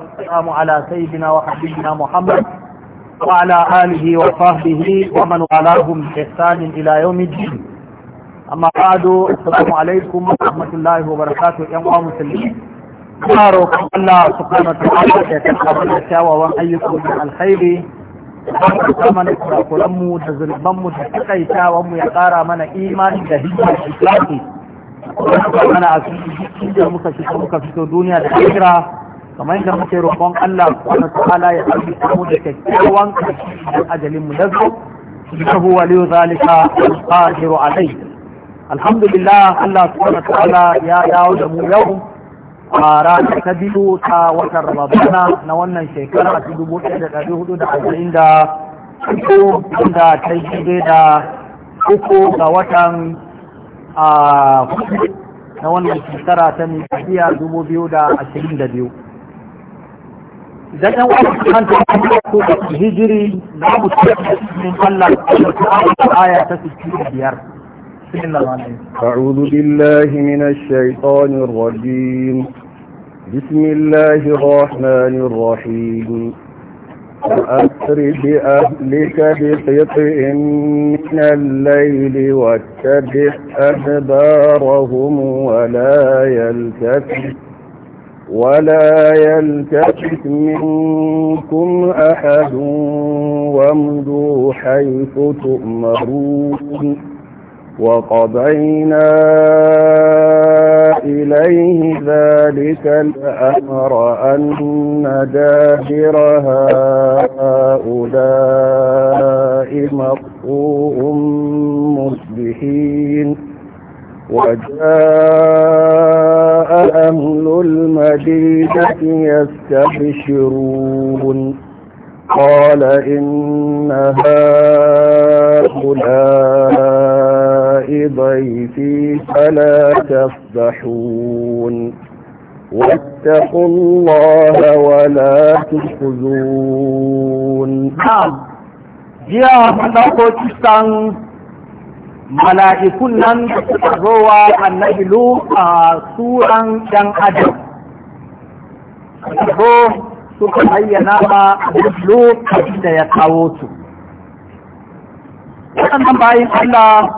والسلام على سيدنا وحبيبنا محمد وعلى آله وصحبه ومن والاهم بإحسان إلى يوم الدين أما بعد السلام عليكم ورحمة الله وبركاته يا مسلمين roƙon Allah subhanahu ta'ala ya karɓa da kyawawan ayyukan da alkhairi da kuma mana kurakuran mu da zurban mu da takaitawan mu ya kara mana imani da hikma da ikhlasi da kuma fito duniya da hijira kamar yadda muke roƙon Allah subhanahu wa ta'ala ya ɗauki mu da kyakkyawan karshen ajalin mu dazo innahu waliyu zalika al-qadiru alayhi alhamdulillah Allah subhanahu ta'ala ya dawo da mu yau a ranar ta biyu ta watan Ramadana na wannan shekara ta dubu ɗaya da ɗari hudu da arba'in da uku wanda ta yi da uku ga watan a na wannan shekara ta miliyan dubu biyu da ashirin da biyu dan kan ta ko hijiri babu Allah aya ta 65 أعوذ بالله من الشيطان الرجيم بسم الله الرحمن الرحيم وأسر بأهلك بقطع من الليل واتبع أدبارهم ولا يلتفت ولا يلتفت منكم أحد وامضوا حيث تؤمرون وقضينا إليه ذلك الأمر أن داهر هؤلاء مقطوع مصبحين وجاء أهل المدينة يستبشرون قال إن هؤلاء ضيفي فلا تفضحون واتقوا الله ولا تخزون نعم يا من أخوة mala'ikun nan da suka zowa annabi lu a suran ɗan adam zo suka bayyana ma lokacin da ya kawo su waɗannan bayan Allah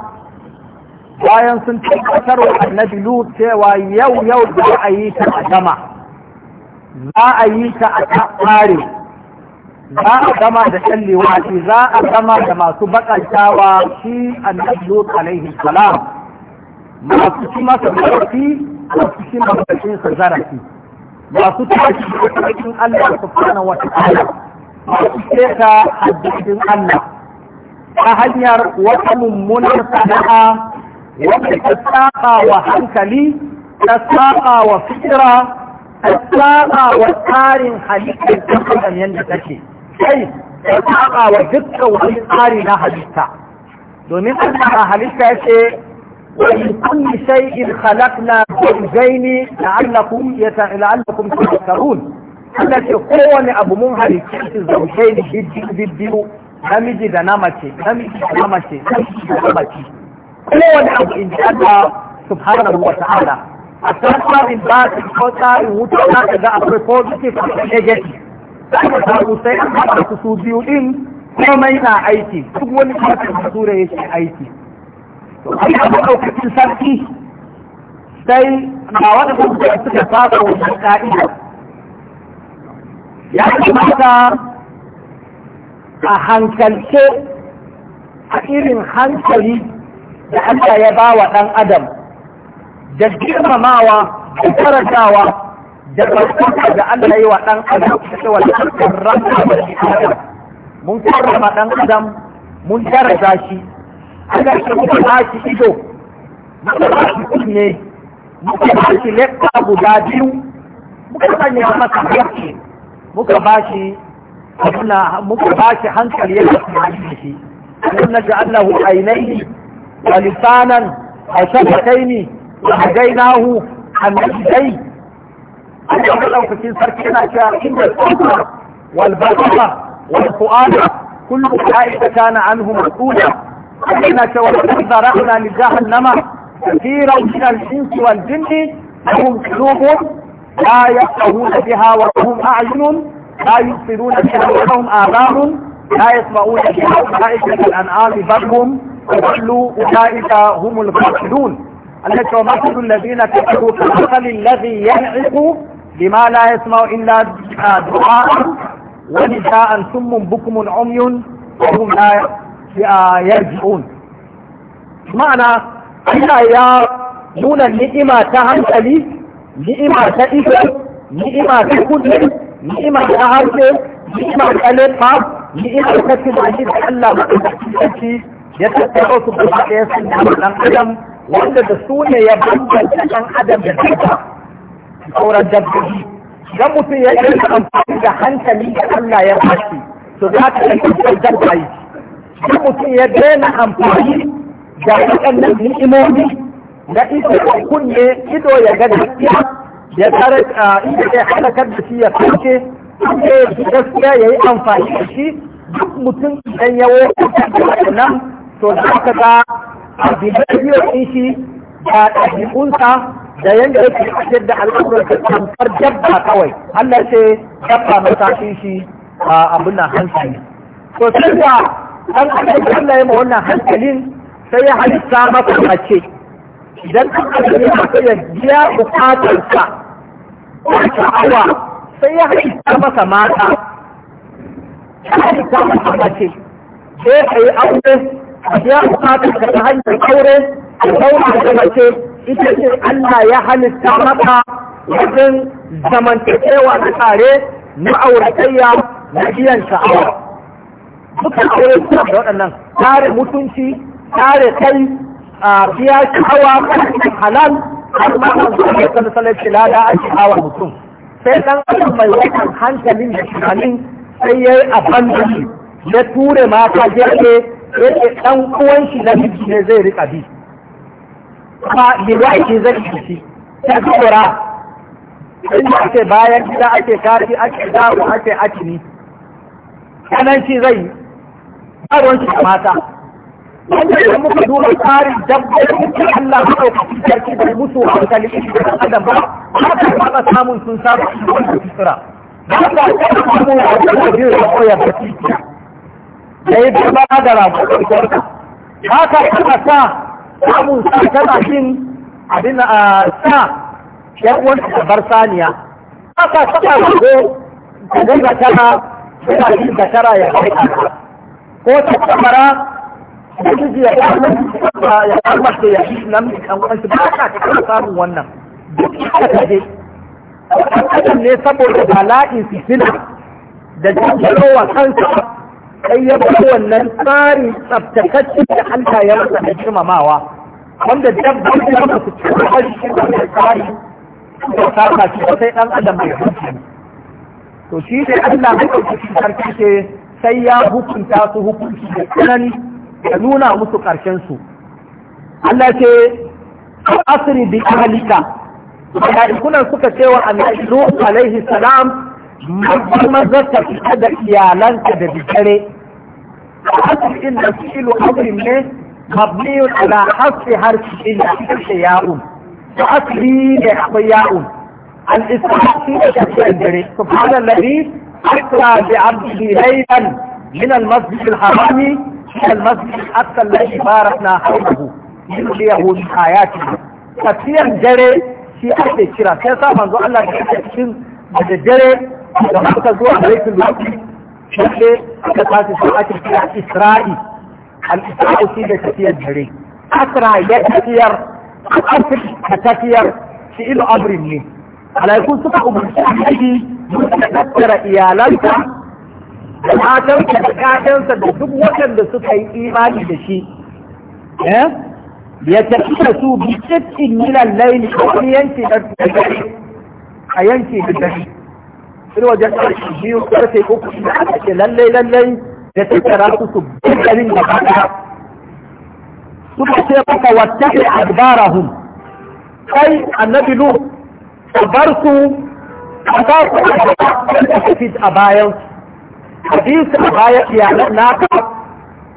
bayan sun tabbatar wa annabi cewa yau yau za a yi ta a gama za a yi ta a tsare za a gama da shallewa shi za a gama da masu bakantawa shi annabi lut alaihi salam masu ci masa zarafi masu ci masa zarafi masu tashi cikin Allah subhanahu wata ala, masu keta haddadin Allah ta hanyar wata mummunar sana'a wata ta saba wa hankali ta saba wa fikira ta saba wa tsarin halittar ɗan yadda take kai ya saba wa dukkan wani tsari na halitta domin Allah halitta ya ce ومن كل شيء خلقنا زوجين لعلكم يت... لعلكم تذكرون Allah ce kowane abu mun halitta shi zaushe ne bibbiyu namiji da namace namiji da namace namiji da namace kowane abu in ji Allah subhanahu wa ta'ala a tsarin ba su ko tsarin wuta za ka ga akwai positive da negative za ka sai su biyu din komai na aiki duk wani kafin sura yake aiki to ai abu ɗaukakin sarki sai ba wani kuma suka fara wannan ka'ida ya kamata a hankalce a irin hankali da Allah ya ba wa ɗan adam da girmamawa da karantawa da farkonta da Allah yi wa ɗan adam ta wal karrama da adam mun karrama ɗan adam mun daraja shi Allah shi kuma ba shi ido muka ba shi kunne muka ba shi lekka guda biyu muka sanya masa harshe muka ba shi abuna muka ba shi hankali ya kasance shi kun naj'alahu aynayni wa lisanan wa shafatayni wa hadainahu an najdayn يحلو والفؤاد كل حائفة كان عنه مرسولة أنك وتذرعنا لجهنم كثيرا من الحنس والجن لهم قلوب لا يفعون بها وهم أعين لا يفعون بها وهم آبار لا يسمعون بها أولئك الأنعام بلهم وقلوا أولئك هم الباطلون أنك ومثل الذين كفروا كمثل الذي ينعق bima la yasma'u illa du'a wani da'an summun bukumun umyun hum la yarji'un ma'ana Allah ya nuna ni'ima ta hankali ni'ima ta ido ni'ima ta kudi ni'ima ta harshe ni'ima ta lefa ni'ima ta tunani da Allah maɗaukaki ya tattara su gaba ɗaya sun da ɗan adam wanda da su ne ya bambanta ɗan adam da dabba sauran dabbobi dan mutum ya yi amfani da hankali da Allah ya bashi to za ka yi sauran dabbobi dan mutum ya daina amfani da waɗannan ni'imomi na ido kunne ido ya ga gaskiya ya tsara ido ya halakar da shi ya sauke ke gaskiya ya yi amfani da shi duk mutum idan ya wuce da waɗannan to za ka ga a bibiyar shi da ɗabi'unsa da yanda yake tafiyar da al'amuran ta tamfar dabba kawai Allah ya ce dabba matakin shi a abin nan hankali to sai da an aka Allah ya ma wannan hankalin sai ya halitta masa mace idan ka aka yi masa ya biya bukatar sa sha'awa sai ya halitta maka mata ya halitta masa mace sai ya yi aure ya biya ga ta hanyar aure a zauna da mace ita ce Allah ya halitta maka wajen zamantakewa tsare, tare na auratayya na biyan sha'awa. Duka aure suna da waɗannan tare mutunci, tare kai, a biya sha'awa halal har ma an zuwa da sanar lada a sha'awar mutum. Sai ɗan adam mai wannan hankalin da sai ya yi abandon ya ture mata gefe yake ɗan uwan shi na biki ne zai rika bi ba liwai shi zai biki ta kora inda ake bayan gida ake kafi ake dawo ake acini kanan shi zai yi karuwan shi mata wanda idan muka duba tsarin dabbobin da Allah ya ɗauki sarki da musu hankali shi da adam ba haka ba ka samun sun saba shi da fitira ba ka samun a cikin da ya koyar da fitira da yi fi ba da ramuwarka haka kana sa samun sa kana jin abin a sa yan uwanka ta bar saniya haka saka rago ta dinga tana suna jin ka tara ya kai ko ta kamara da kiji ya kamar ya kamar da ya shi nan kan wani ba ka kama samun wannan duk ka kaje kan ne saboda bala'in sisila da jin yawa kansa sai ya fi wannan tsari tsabtakaccen da Allah ya masa da girmamawa wanda dabbar ya ba su cikin harshe da tsari da saka shi sai dan adam mai hukunci to shi sai Allah ya ɗauki sarki ce sai ya hukunta su hukunci da tsanani da nuna musu ƙarshen su Allah ce asiri bi ahlika mala'ikunan suka ce wa annabi alaihi salam maza ta fita da iyalanka da dare حذف إلا فعل أمر له مبني على حذف حرف إلا ياء وأصلي لإحطياء الإسلام في الشجر سبحان الذي أسرى بعبده ليلا من المسجد الحرام إلى المسجد الأقصى الذي باركنا حوله لنريه من آياتنا تفسير جري في أهل الشرع كيف منذ الله يحكي da dare da haka عليك الوقت shafe aka tashi su ake kira isra'i al’isra'i shi da tafiyar dare asra ya tafiyar asir ta tafiyar shi ilu abrin ne alaikun suka umarci a haɗi, da tattara iyalanta da matarsa da ƴaƴansa da duk waɗanda suka yi imani da shi eh? ya tafi da su bi tsittin milan laili a yanki da dare a yanki da dare in wajen ƙarfi biyu ƙarfe uku da aka ce lallai lallai da tattara su su bukarin da ba suka ce maka wattafi adbarahum kai annabi nu ka bar su ka ba su a bayan ka bi su a bayan iyalan naka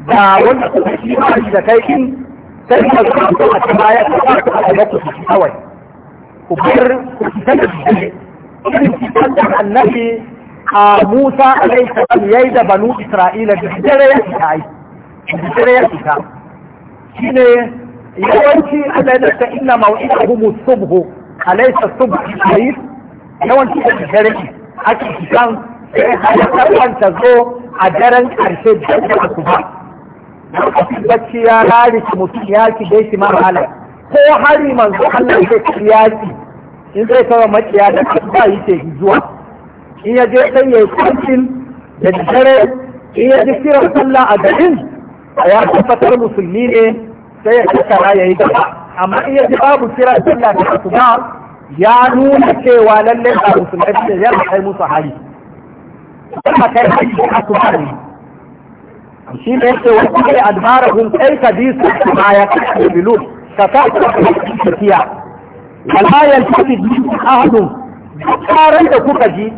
da wanda suka shi ba da kai in sai ka zo a bayan ka ba su a kawai ku bar ku fitar da annabi a Musa alaihi salam yayi da banu Isra'ila da dare ya fita ai dare ya fita shine yawanci Allah ya ta inna maw'idahum subhu alaysa subhu alayhi yawanci da dare ake fitan sai halakan ta zo a daren karshe da asuba lokacin bacci ya rari mutum ya ki dai shi mara ko hari manzo Allah ya ki yaki in zai kawo makiya da ba yi ke zuwa in ya je dan yayi kwancin da dare in ya ji kiran sallah a garin a ya tabbatar musulmi ne sai ya tattara ya yi gaba amma in ya ji babu kiran sallah da ba, ya nuna cewa lalle ba musulmi ne ya kai musu hali kuma kai hali asuba ne shi ne yake wasu kai adbarahum kai ka bi su ma ya kasu bilu ka ta tafiya wala yaltafi ahadun karan da kuka ji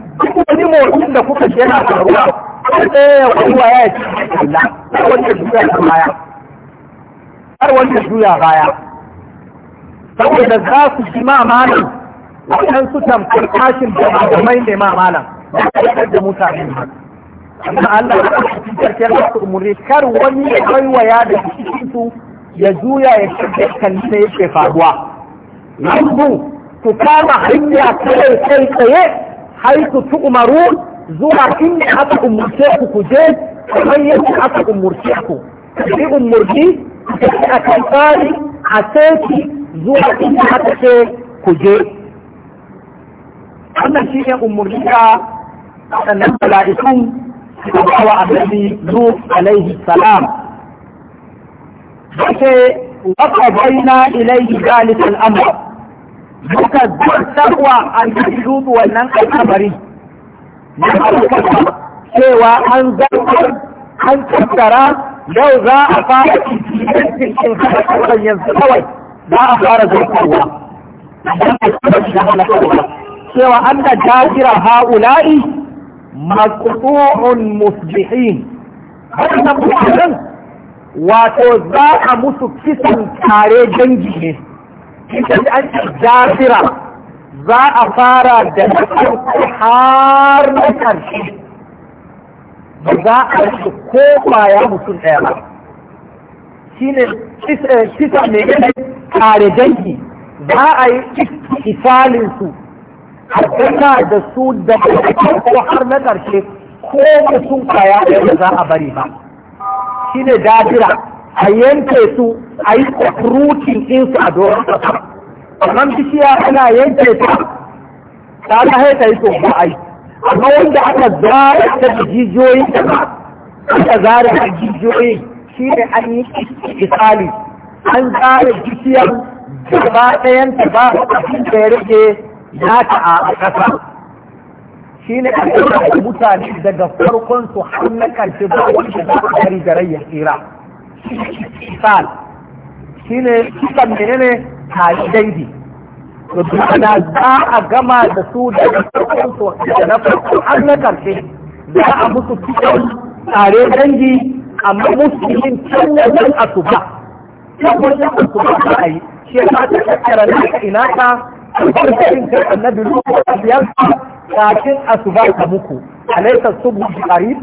wani motsin da kuka ji yana faruwa sai ya yi kuwa ya ci Allah har wanda juya baya har wanda juya baya saboda za su ji ma malam wajen su tamkar kashin da mai ne ma malam da mutane amma Allah ya ci karkar da umuri kar wani ya kai kaiwaya da cikin su ya juya ya kalli kan ne yake faruwa nahbu ku kama hanya kai kai tsaye haitu umaru zuwa inda aka umurce ku ku je kamar yadda aka umurce ku ki umurci a kan tsari a sai zuwa inda aka ce ku je wannan shi ne umurci ka sannan bala'ikun da bawa annabi zu alaihi salam ke wata baina ilaihi zalika al'amr muka zartarwa a jirgin wannan al'amari na alƙasa cewa an zartar an tattara yau za a fara cikin harkar yanzu kawai za a fara zartarwa cewa an da jajira ha'ula'i maƙutu'un musbihin wannan mutanen wato za a musu kisan tare dangi ne idan an za a fara da na har na ƙarshe ba za a rike ko kwaya mutum ɗaya ba shi ne eh, kisa mai yanayi tare dangi za a yi isalinsu a gana da su da ko har na ƙarshe ko mutum kwaya ɗaya ba za a bari ba shi ne dajira a yanke su a yi rutin ɗinsu a doron ƙasa wannan bishiya ana yanke ta ta ta haita yi to ba a yi amma wanda aka zara ta da jijiyoyin ta aka zara ta jijiyoyi shi ne an yi misali an zara bishiyar gaba ɗayan ta ba da ya rage nata a ƙasa shi ne a mutane daga farkon su har na ƙarshe ba wani da za a kari da rayyar tsira shi ne kisan menene tayi daidi to da za a gama da su da na farko har na karshe za a musu kisan tare dangi amma musu yin can asuba can asuba za a yi shi ya ta tattara na ina ta farkashin kai annabi ruwa a biyar kafin asuba ta muku alaikar subu shi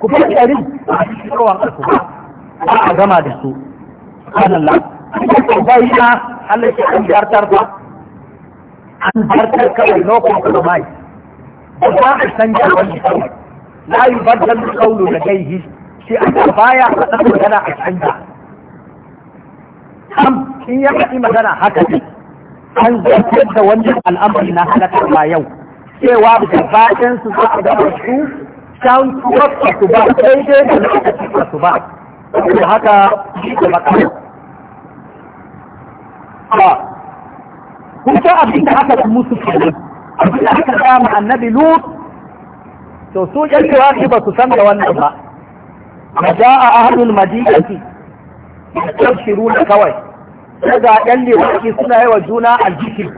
ku fi ɗarin a cikin yawan ƙarfi ba a gama da su subhanallah kuma bai na Allah ke an jartar ba an jartar kawai lokacin mai. ba za a canja wani kawai la yi baddal kaulu da gaihi shi a baya a ɗan magana a canja am in ya faɗi magana haka ne an zartar da wannan al'amari na halakar ba yau cewa gabaɗinsu za a gama su can kwakwa su ba sai dai da lokacin su ba da haka shi da makara ba kun san abin da aka musu kenan abin da aka sa annabi lut to su yan tawafi ba su san da wannan ba maja'a ahlul madinati na kawai daga yan lewaki suna yi wa juna aljikir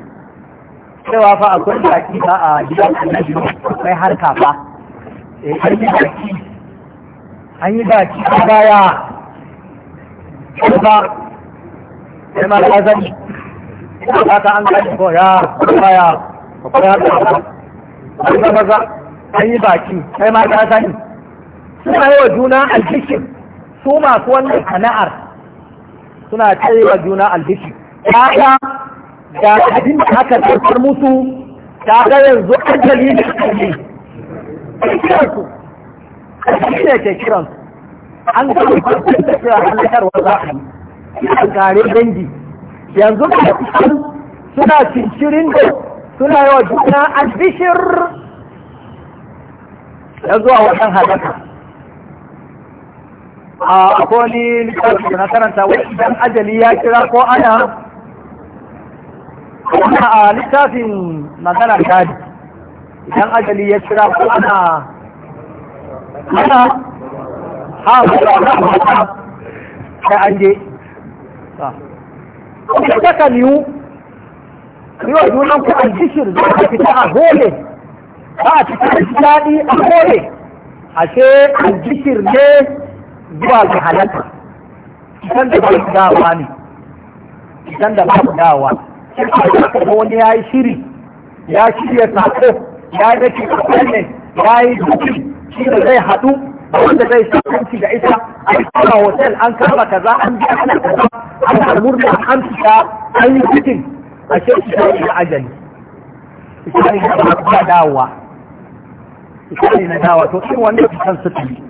cewa fa akwai baki ba a gidan annabi mai harka fa Eh, an yi baki an yi a baya ba sai ma ka zani ba ta an gani ko ya baya ko ya ta ba an yi baki sai ma ta zani suna yi wa juna alkishin su masu wannan sana'ar suna tsaye wa juna albishi ta da abin da aka tsarkar musu ta ga yanzu ajali da ajali ke ne ke kiransu an gama farkon da cewa halakarwa za a yi gare dangi yanzu da kusan suna cincirin da suna yawa juna albishir ya zuwa wajen halaka a koni littafi da na karanta wani idan ajali ya kira ko ana a littafin magana gadi idan ajali ya kira ko ana ana ha sai an je ta saka niyu yiwa junan ku an jishir za a fita a hole ba a fita a daɗi a ce ashe an jishir ne zuwa ga halatta idan da ba dawa ne idan da ba dawa wani ya yi shiri ya shirya sako ya yi rashin kwalle ya yi duki shi da zai haɗu wanda zai shakanci da ita a kama hotel an kama kaza an ji ana kaza an harmurna an fita an yi cikin a ce shi ta yi ajali shi ne na dawa shi ne na dawa to shi wanda fitan su tafi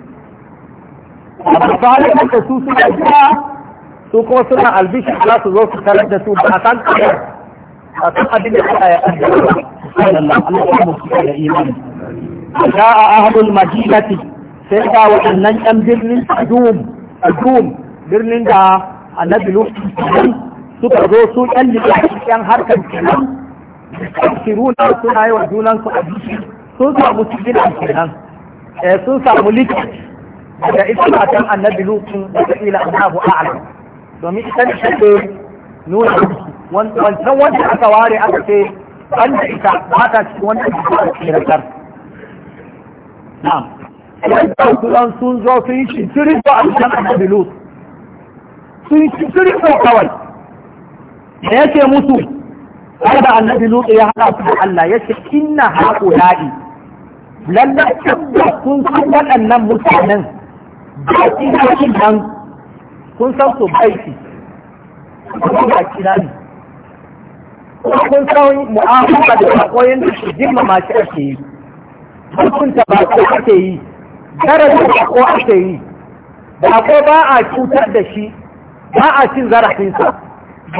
amma ba da su suna gida su kuma suna albishin za su zo su tarar da su ba a san kamar akan abin da Allah ya kaddara subhanallah Allah ya mutu da imani ja'a ahlul sai ga waɗannan ɗan birnin Adum Adum birnin da annabi Lut suka zo su ɗan liƙaƙi ɗan harkar kenan kiruna suna yi wa junansu abinci sun samu cikin kenan eh, sun samu likit daga ita matan annabi Lut da ila Allahu a'lam domin ita ne take nuna wancan wanda aka ware aka ce an da ita ba ta cikin wanda aka kirantar. na'am yadda kudan sun zo sun yi shintiri ba a cikin annabi lut sun yi shintiri ko kawai da yake musu da annabi lut ya hada su da Allah Ya yace inna haula'i lalla tabbas sun san waɗannan mutanen da cikin nan sun san su baiti kuma ba kira ne kun san mu'amala da sakoyin da su shi ake yi hukunta ba ko ake yi daraja da ko ake yi ba ko ba a cutar da shi ba a cin zarafinsa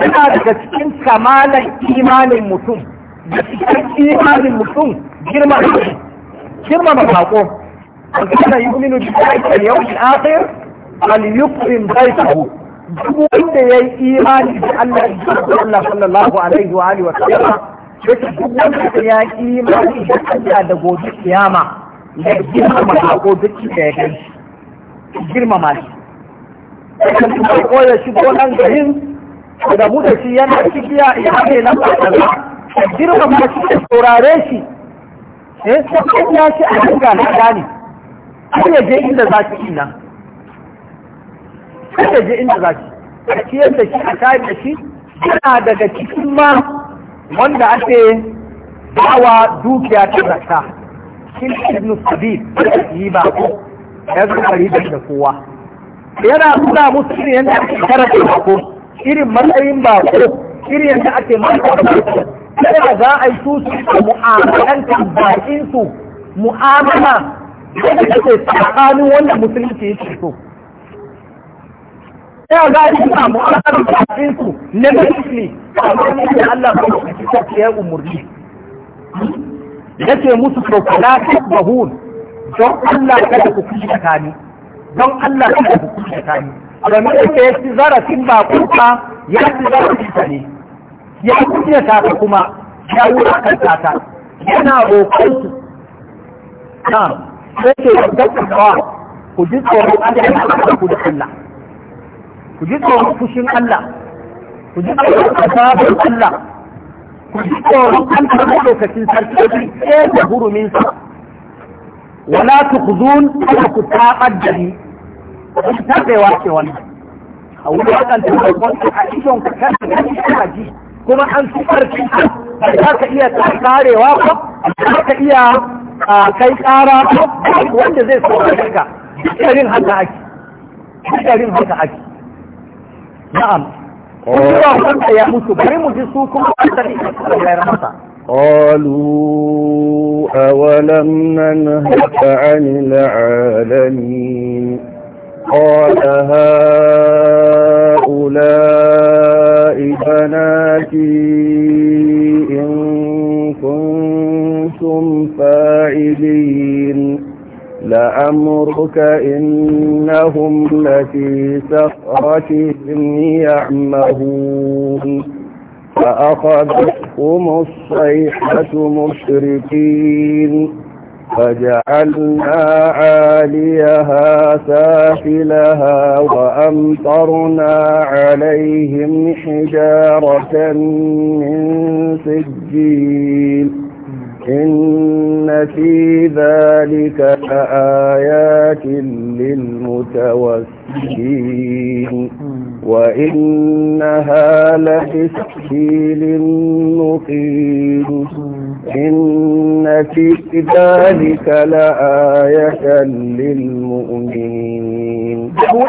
yana daga cikin kamalan imanin mutum da cikin imanin mutum girma girma ba bako an kana da bi yawmil akhir al yukrim baitahu duk wanda ya yi imani da Allah da Allah sallallahu alaihi wa alihi wa sallam yake duk wanda ya yi imani da Allah da gobe kiyama ya girmama sako duk da ya gani girmama shi kan kuma koya shi ko nan garin da mu da shi yana cikiya ya ne nan ba girmama shi da saurare shi eh sai ya shi a dinga na gani har ya je inda za ki nan kada je inda za ki a ciyar da shi a kare shi yana daga cikin ma wanda ake dawa dukiya ta zakka shi ibn sabil yi ba ko ya zo bari da kowa yana nuna musu irin yadda ake karanta bako irin matsayin bako irin yadda ake ba bako kada za a yi su su mu'amalantar bakin su mu'amala yadda ake tsakanin wanda musulunci yake so Yau za a yi suna mu'amalar kafin su negatively amma ne da Allah ba shi ta ya umurni yace musu to kala tasbahun don Allah kada ku ta ni, don Allah kada ku kushi tsakani domin da ke shi zarafin ba kuma ya fi zarafin ta ne ya kunya ta kuma ya wulakanta ta yana roƙon su na sai ke gaskatawa ku ji tsoron Allah ya ku da Allah ku ji tsoron fushin Allah ku ji tsoron azabar Allah ku ji tsoron Allah da lokacin sarki sai da hurumin sa wala tukhzun kada ku tabar da ni ku tabewa ce wannan a wulakan ta babban a idon ka kada ka ji kuma an su fi karfi ba za ka iya karewa ba za ka iya kai kara wanda zai so ka duka duka rin haka ake duka rin haka ake نعم kuma wanda ya mutu قالوا أولم ننهك عن العالمين قال هؤلاء بناتي إن كنتم فاعلين لأمرك إنهم لفي سخرتهم يعمهون فأخذتهم الصيحة مشركين فجعلنا عاليها سافلها وأمطرنا عليهم حجارة من سجيل إن في ذلك لآيات للمتوسلين وإنها لتسكيل مقيم إن في ذلك لآية للمؤمنين أبو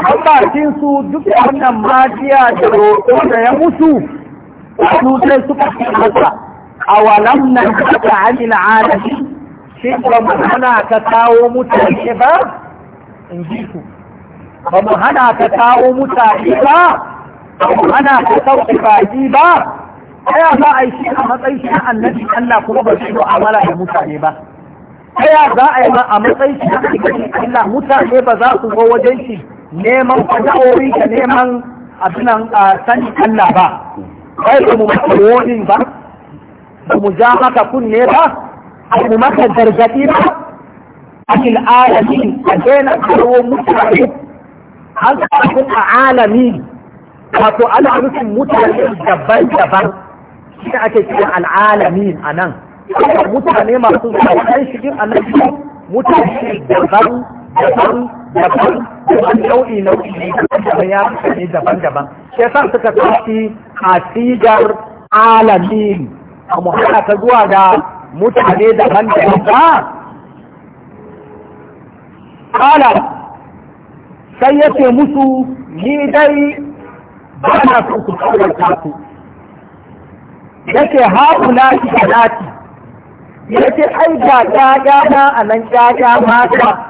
سود دكتور نماتيا جروتون يا مسوف سودة سكتين حسا awalam nan ka anil alami shin ba mu hana ka kawo mutane ba in ji su ba mu hana ka kawo mutane ba ba mu hana ka sauke baki ba ta za a yi shi a matsayin shi annabi Allah kuma ba shi amala da mutane ba ta za a yi a matsayin shi annabi Allah mutane ba za su zo wajen shi neman fadawoyi da neman abinan sani Allah ba kai kuma mu wani ba ba mu ja haka kunne ba a mu maka gargaɗi ba a al'alamin a daina kawo mutane an kafin a alami wato ana nufin mutane daban-daban shi ake cewa al'alamin a nan mutane masu sauran shigin a nan shi mutane daban daban daban daban nau'i nau'i ne daban ya ne daban daban shi yasa suka kashi a sigar alamin a mu ta zuwa da mutane da ya ba kala sai ya ce musu ni dai ba na so ku kawarta su ya ce na shi lati ya ce ai ga ƴaƴa na a nan ƴaƴa mata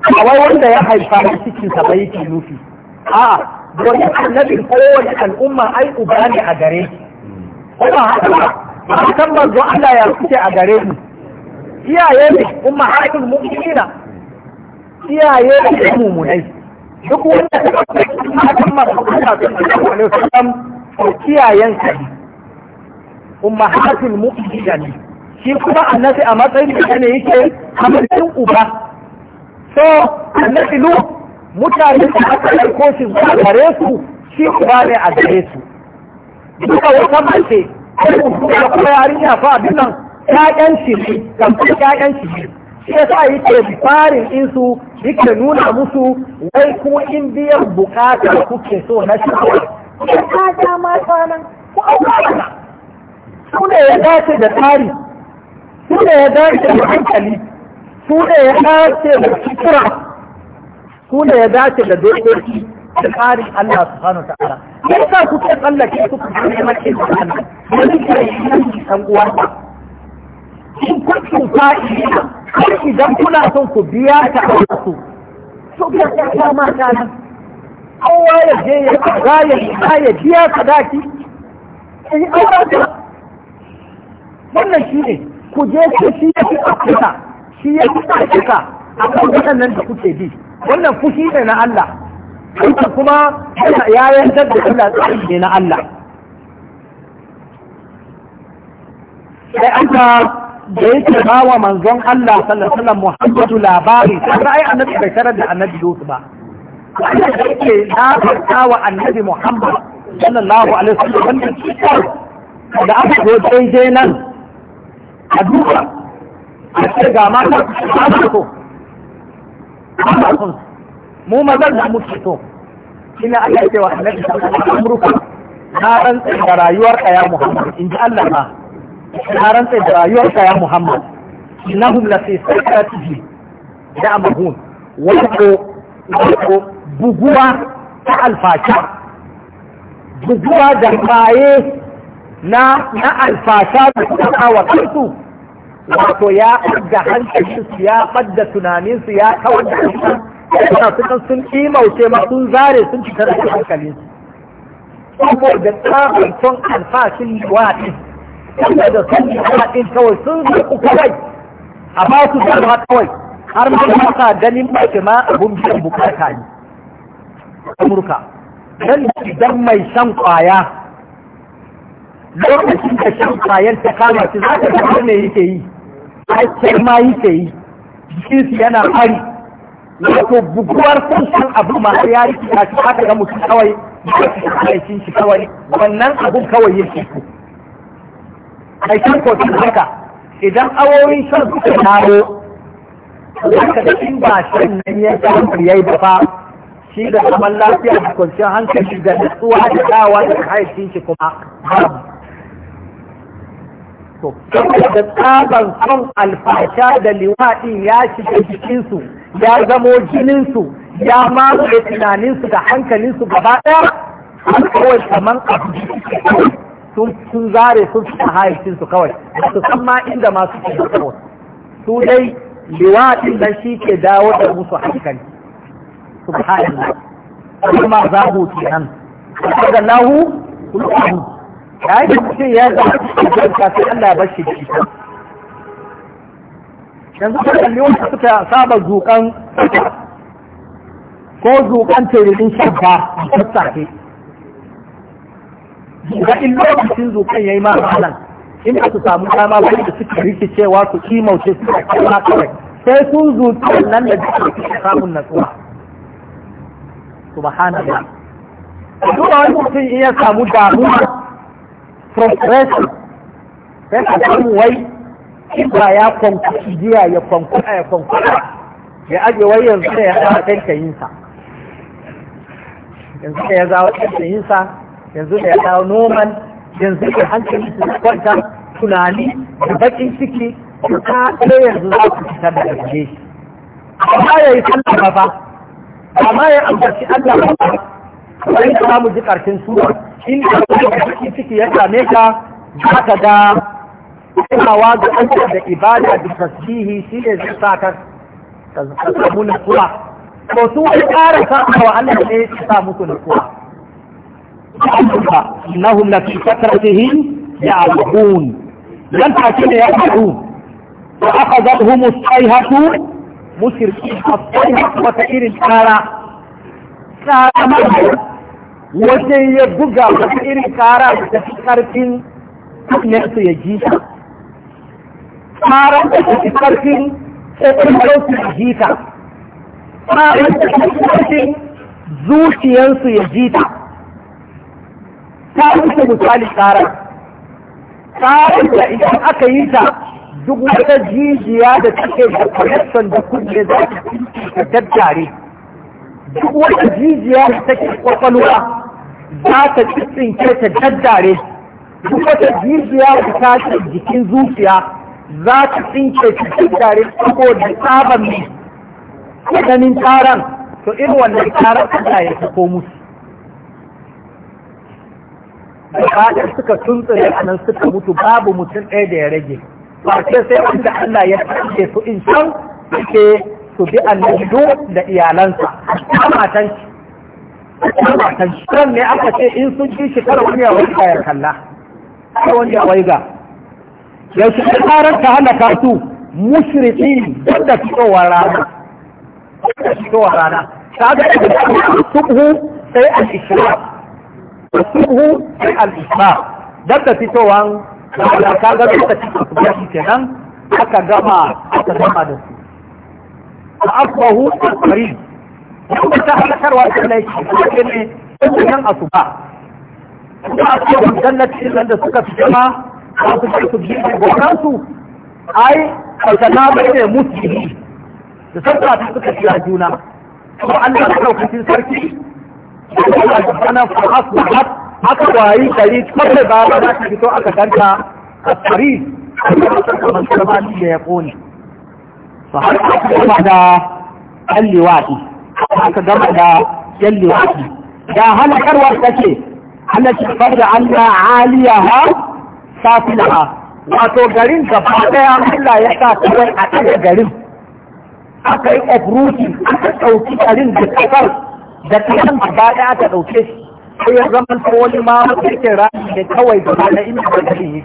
kawai wanda ya haifa da cikin bai ke nufi a'a yi annabin kowane al'umma ai uba ne a gare shi ko ba haka kan manzo Allah ya rubuce a gare mu iyaye ne ummahatul mu'minina iyaye ne mu munai duk wanda ta kan manzo Allah sallallahu alaihi wasallam iyayen sa ummahatul mu'minina ne shi kuma annabi a matsayin da ne yake hamarin uba so annabi lu mutane da aka aiko shi zuwa gare su shi uba ne a gare su duka wata mace da kuma yarinya fa abin nan ƴaƴanci ne kamar ƴaƴanci ne shi yasa yake bifarin insu yake nuna musu wai ko in biyan bukatar kuke so na shi ta ta mata nan ko abubuwa su ne ya dace da tsari su ne ya dace da hankali su ne ya dace da sutura su ne ya dace da dokoki da tsarin Allah subhanahu ta'ala me yasa kuke tsallake ku ku ne mace da Allah wani kare shi san uwa in kun fa'ida kar idan kuna son ku biya ta su to ga ta ma nan? kowa ya je ya ga ya ya biya sadaki in eh, ta wannan shi ne ku je ku shi ya fi afirka shi ya fi afirka a kan waɗannan da kuke bi wannan fushi ne na Allah wannan kuma ya yantar da Allah tsari ne na Allah sai an ka da yake ba wa manzon Allah sallallahu alaihi Muhammadu labari kaga ai annabi bai tarar da annabi Yusuf ba Allah da yake labarta wa annabi Muhammad sallallahu alaihi wasallam wannan cikar da aka zo daidai nan a duka a ce ga mata ba su so ba su mu mazan da muke so Ina Allah ya ce wa annabi sallallahu alaihi na rantsa da rayuwar ya Muhammad in ji Allah ma. na rantsa da rayuwar ya Muhammad innahum la fi sakatihi da amahun wato ko buguwa ta alfasha buguwa da baye na na alfasha da ta kawo kansu wato ya ɓadda su ya ɓadda tunaninsu ya kawar da hankalinsu suna sun imauce ma sun zare sun fitar da hankalinsu saboda tsarin son alfashin waɗin saboda son waɗin kawai sun zaɓu kawai a ba su zama kawai har ma ba sa ganin ke ma abun biyan bukata ne amurka dan idan mai shan kwaya lokacin da shan kwayar ta kama shi za ta ga ne yake yi hakkar ma yi ke yi jikinsu yana hari wato buguwar kusan abu masu yari yi ta shi haka ga mutum kawai ba shi aikin shi kawai wannan abun kawai yake ku aikin ko su haka idan awowin shan suka taro haka da in ba shan nan ya kamar yayi ba fa shi da zaman lafiya da kwanciyar hankali da nutsuwa da dawa da aikin shi kuma to da tsaban son alfasha da liwaɗi ya shiga jikinsu ya zamo jininsu ya mamaye tunaninsu da hankalinsu gaba ɗaya kawai kaman abu sun zare sun fita haifinsu kawai su san ma inda masu ke kawai su dai liwaɗin nan shi ke dawo da musu hankali subhanallah kuma zahu kenan kaga lahu kullu ya yi mutum ya zama cikin sai Allah ba shi ciki yanzu ta kalli wata suka saba zuƙan ko zuƙan tiririn shabba a sassafe ga illa lokacin zuƙan ya yi ma halan in ba su samu dama ba da suka rikicewa su kimauce su a kama kawai sai sun zuƙi nan da suke samun natsuwa subhanallah duk wani mutum in ya samu damuwa frustration sai ka samu wai kiba ya kwanku jiya ya a ya a ya aje wai yanzu da ya zama sa yanzu da ya zama sa yanzu da ya zama noman yanzu da hankali su kwanta tunani da bakin ciki su ta ɗaya yanzu za ku fita da gaske amma ya yi sallah ba ba amma ya ambaci Allah ba bari ka mu ji karshen sura in ka ciki ciki ya same ka za ka ga komawa ga Allah da ibada da tasbihi shi ne zai sa ka samu nutsuwa to su wani ƙara sa wa Allah ne ya sa muku nutsuwa innahum la fi sakratihim ya'budun dan tafi ne ya ya'budun wa akhadhahum as-sayhatu musrikin as-sayhatu wa ta'ir al-qara qara ma wajen ya buga wata irin kara da fi karfin kunnensu ya ji ta kara da fi karfin kokarinsu ya ji ta kara da fi karfin zuciyansu ya ji ta ta wuce misali kara kara da idan aka yi ta duk wata jijiya da take da connection da kudin za ta daddare duk wata jijiya da take kwakwalwa za ta tsinke ta daddare duk wata jijiya da tashi jikin zuciya za ta tsinke ta daddare saboda tsaban mai tsananin taron to irin wannan taron ta ya ta komu da suka tuntsire a nan suka mutu babu mutum ɗaya da ya rage ba ce sai wanda Allah ya tsanke su in can ke su bi annabi da iyalansa matanci kan ne aka ce in sun ji shi kada wani ya waiga ya kalla kada wani ya waiga yaushe ta tarar ta halaka su mushriki da fitowar rana da fitowar rana ta ga subhu sai al-ishraq subhu sai al-ishraq dan da fitowar rana ta ga lokacin da kuma shi kenan aka gama aka gama da su fa asbahu qarib yau ta halakarwa ta laifi a ne asuba ba a ce ban nan da suka fi jama ba su ce su biyu da gokansu ai aljanna ba ne musulmi da sarka ta suka shiga juna kuma Allah ta ɗaukacin sarki da kuma aljanna fa asbahat aka wayi gari ba ba za ta fito aka danta. a tsari a kuma da ya kone. Fa har aka kuma da ɗan aka gama da kyalle waki da halakarwa ta ce Allah ce farda Allah aliyaha ha wato garin gaba daya Allah ya sa kawai a kan garin aka yi ofruti aka ɗauki garin da kasar da kasan gaba daya aka ɗauke shi sai ya zama ta wani ma ke rami da kawai gaba da ina da garin yi.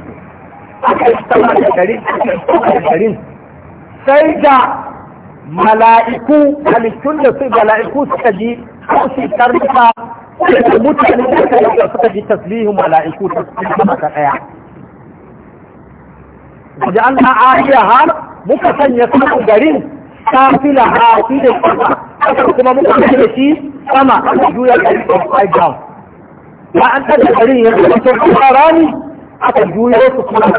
aka yi sama da garin aka yi sama da garin sai da mala'iku halittun da su mala'iku suka ji haushi karnuka da mutane da suka ji tasbihin mala'iku ta suka ta ɗaya. Wajen an na har muka sanya samun garin kafila a fi da kasar kuma muka sanya shi sama a juya garin of five down. Ba an ɗaga garin yanzu da sun kuma rani aka juyo su kuma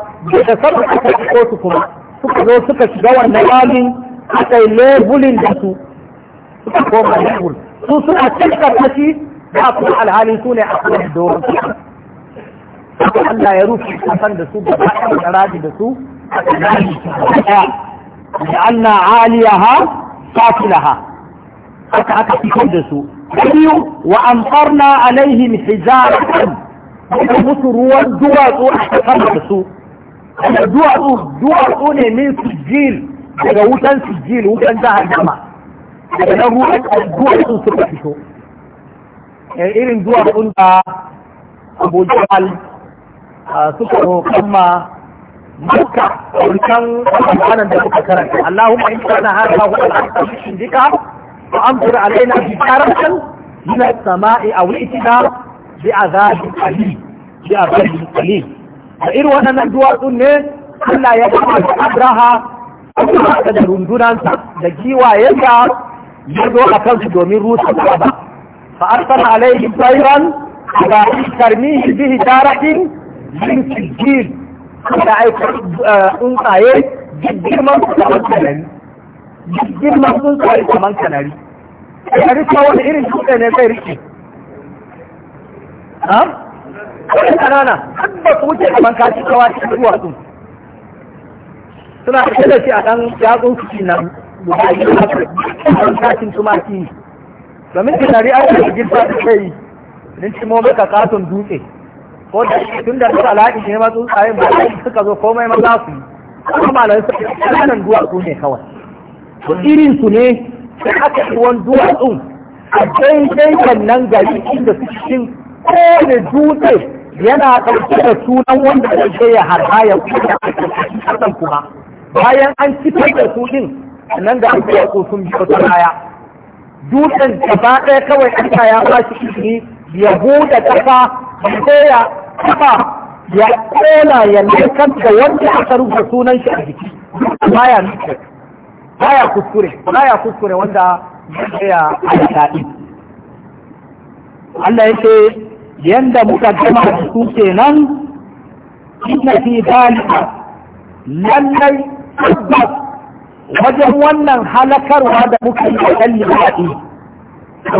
da sabon aka ko su kuma suka zo suka shiga wannan ramin aka yi labulin da su suka koma labul su suna tattaka shi da kuma alhalin su ne a kuma doron su Allah ya rufe kasan da su gaba ɗan garaji da su a tsirani su ɗaya da Allah aliyaha safilaha haka aka fitar da su biyu wa amfarna alaihim hijaratan da musu ruwan duwatsu a kasar da su duwatsu duwatsu ne min sujil daga wutan sijil wutan jahannama daga nan ruwan sun suka fito eh, irin sun da abu jahal ah, suka roƙon ma maka wancan kwanan da suka karanta Allahumma in kana hada hu al-ashin dika an amtir alaina bi karatan yana sama'i samai aw itina bi a azabin kali bi a azabin kali da irin waɗannan duwatsun ne Allah ya kama da Abraha Allah ta da rundunansa da giwayensa ya zo a kansu domin rusa Ka'aba fa arsala alaihim tayran ala tarmihi bihi taratin min sijil da ai aika eh, tsuntsaye girman su kamar kanari girman tsuntsaye kamar kanari Ya rika wani irin dutse ne zai rike ha? Kwanne kanana, tabbata wuce kamar kashi kawai cikin duwatsu. suna kashe da shi a ɗan yatsun su shi nan guda biyu haka kashin tumaki domin tunari an yi girka da kai nin mo maka katon dutse ko da tun da suka alaƙi ne ma tsuntsayen ba suka zo komai ma za su yi kuma malamai suka yi ƙananan duwatsu ne kawai to irin su ne da aka yi wani duwatsun a daidai wannan gari inda su cikin kowane dutse yana ɗauke da sunan wanda ya ke ya harha ya kuma da kuma bayan an fitar da su din nan da aka yako sun biyo ta baya dutsen gaba ɗaya kawai aka ya ba shi izini ya buɗe ƙasa ya kafa ya kola ya lekar da wanda aka rubuta sunan shi a jiki baya nufi baya kuskure baya kuskure wanda ya tsaya a alaƙaɗi Allah ya ce yanda muka gama da su kenan inna fi dalika lallai tabbas wajen wannan halakarwa da muka yi a ɗan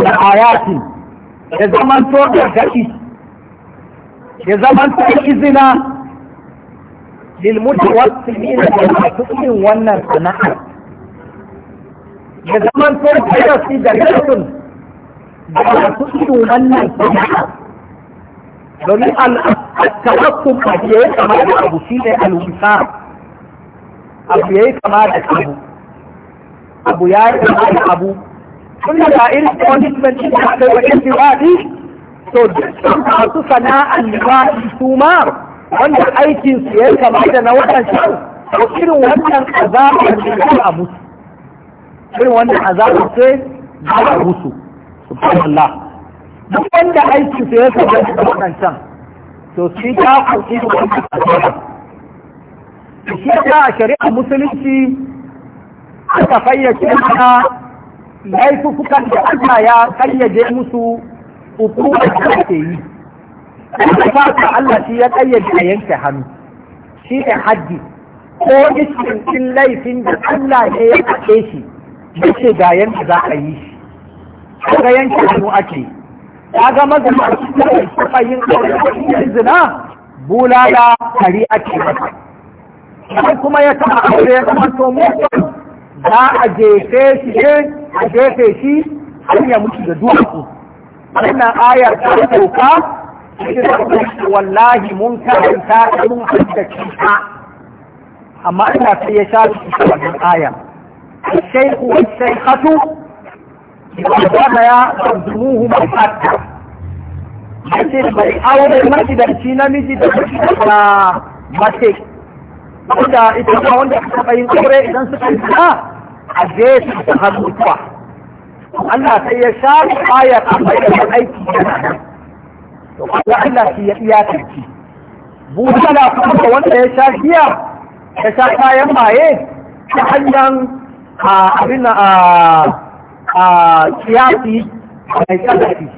da ayati ya zaman to gargaɗi ya zaman to izina lilmutawassimin da masu irin wannan sana'ar ya zaman to gargaɗi da rashin da masu irin wannan sana'ar domin al'akkawakkun a biye kamar da abu shi ne al'usa abu ya yi kama da abu abu ya yi kama da abu tun da irin mancin da aka yi wa ɗin liwaɗi to dukkan masu sana'an liwaɗi su ma wanda aikinsu ya yi kama da na waɗansu ko irin wannan azabar da ke a musu irin wannan azabar ce ba a musu subhanallah duk wanda aiki sai ya saba da can, to shi ta ku irin wannan azabar shi a shari'a musulunci aka fayyace mana laifukan da Allah ya kayyade musu hukumar da ake yi da Allah shi ya kayyade a yanke hannu shi ne haddi ko iskin laifin da Allah ne ya kaɗe shi da ce ga yanke za a yi shi ga yanke hannu ake ya ga mazama a cikin yin aure da zina bulala kari ake masa sai kuma ya taɓa aure ya zama to mutum za a jefe shi ne a jefe shi har ya mutu da duwatsu wannan ayar ta sauka wallahi mun karanta ta mun haddace ta amma ina sai ya shafi shi wannan ayar الشيخ والشيخة وهي ترجموهما حتى يصير بأول مسجد الشينا مسجد الشينا مسجد wanda ita ma wanda aka taɓa yin aure idan suka yi ta a jefi da hannu kuwa Allah sai ya sha ayar a bayyana aiki yana to kaga Allah shi ya iyakanci busala kuma wanda ya sha giya ya sha kayan maye ta hanyar a abin a a kiyasi mai tsadafi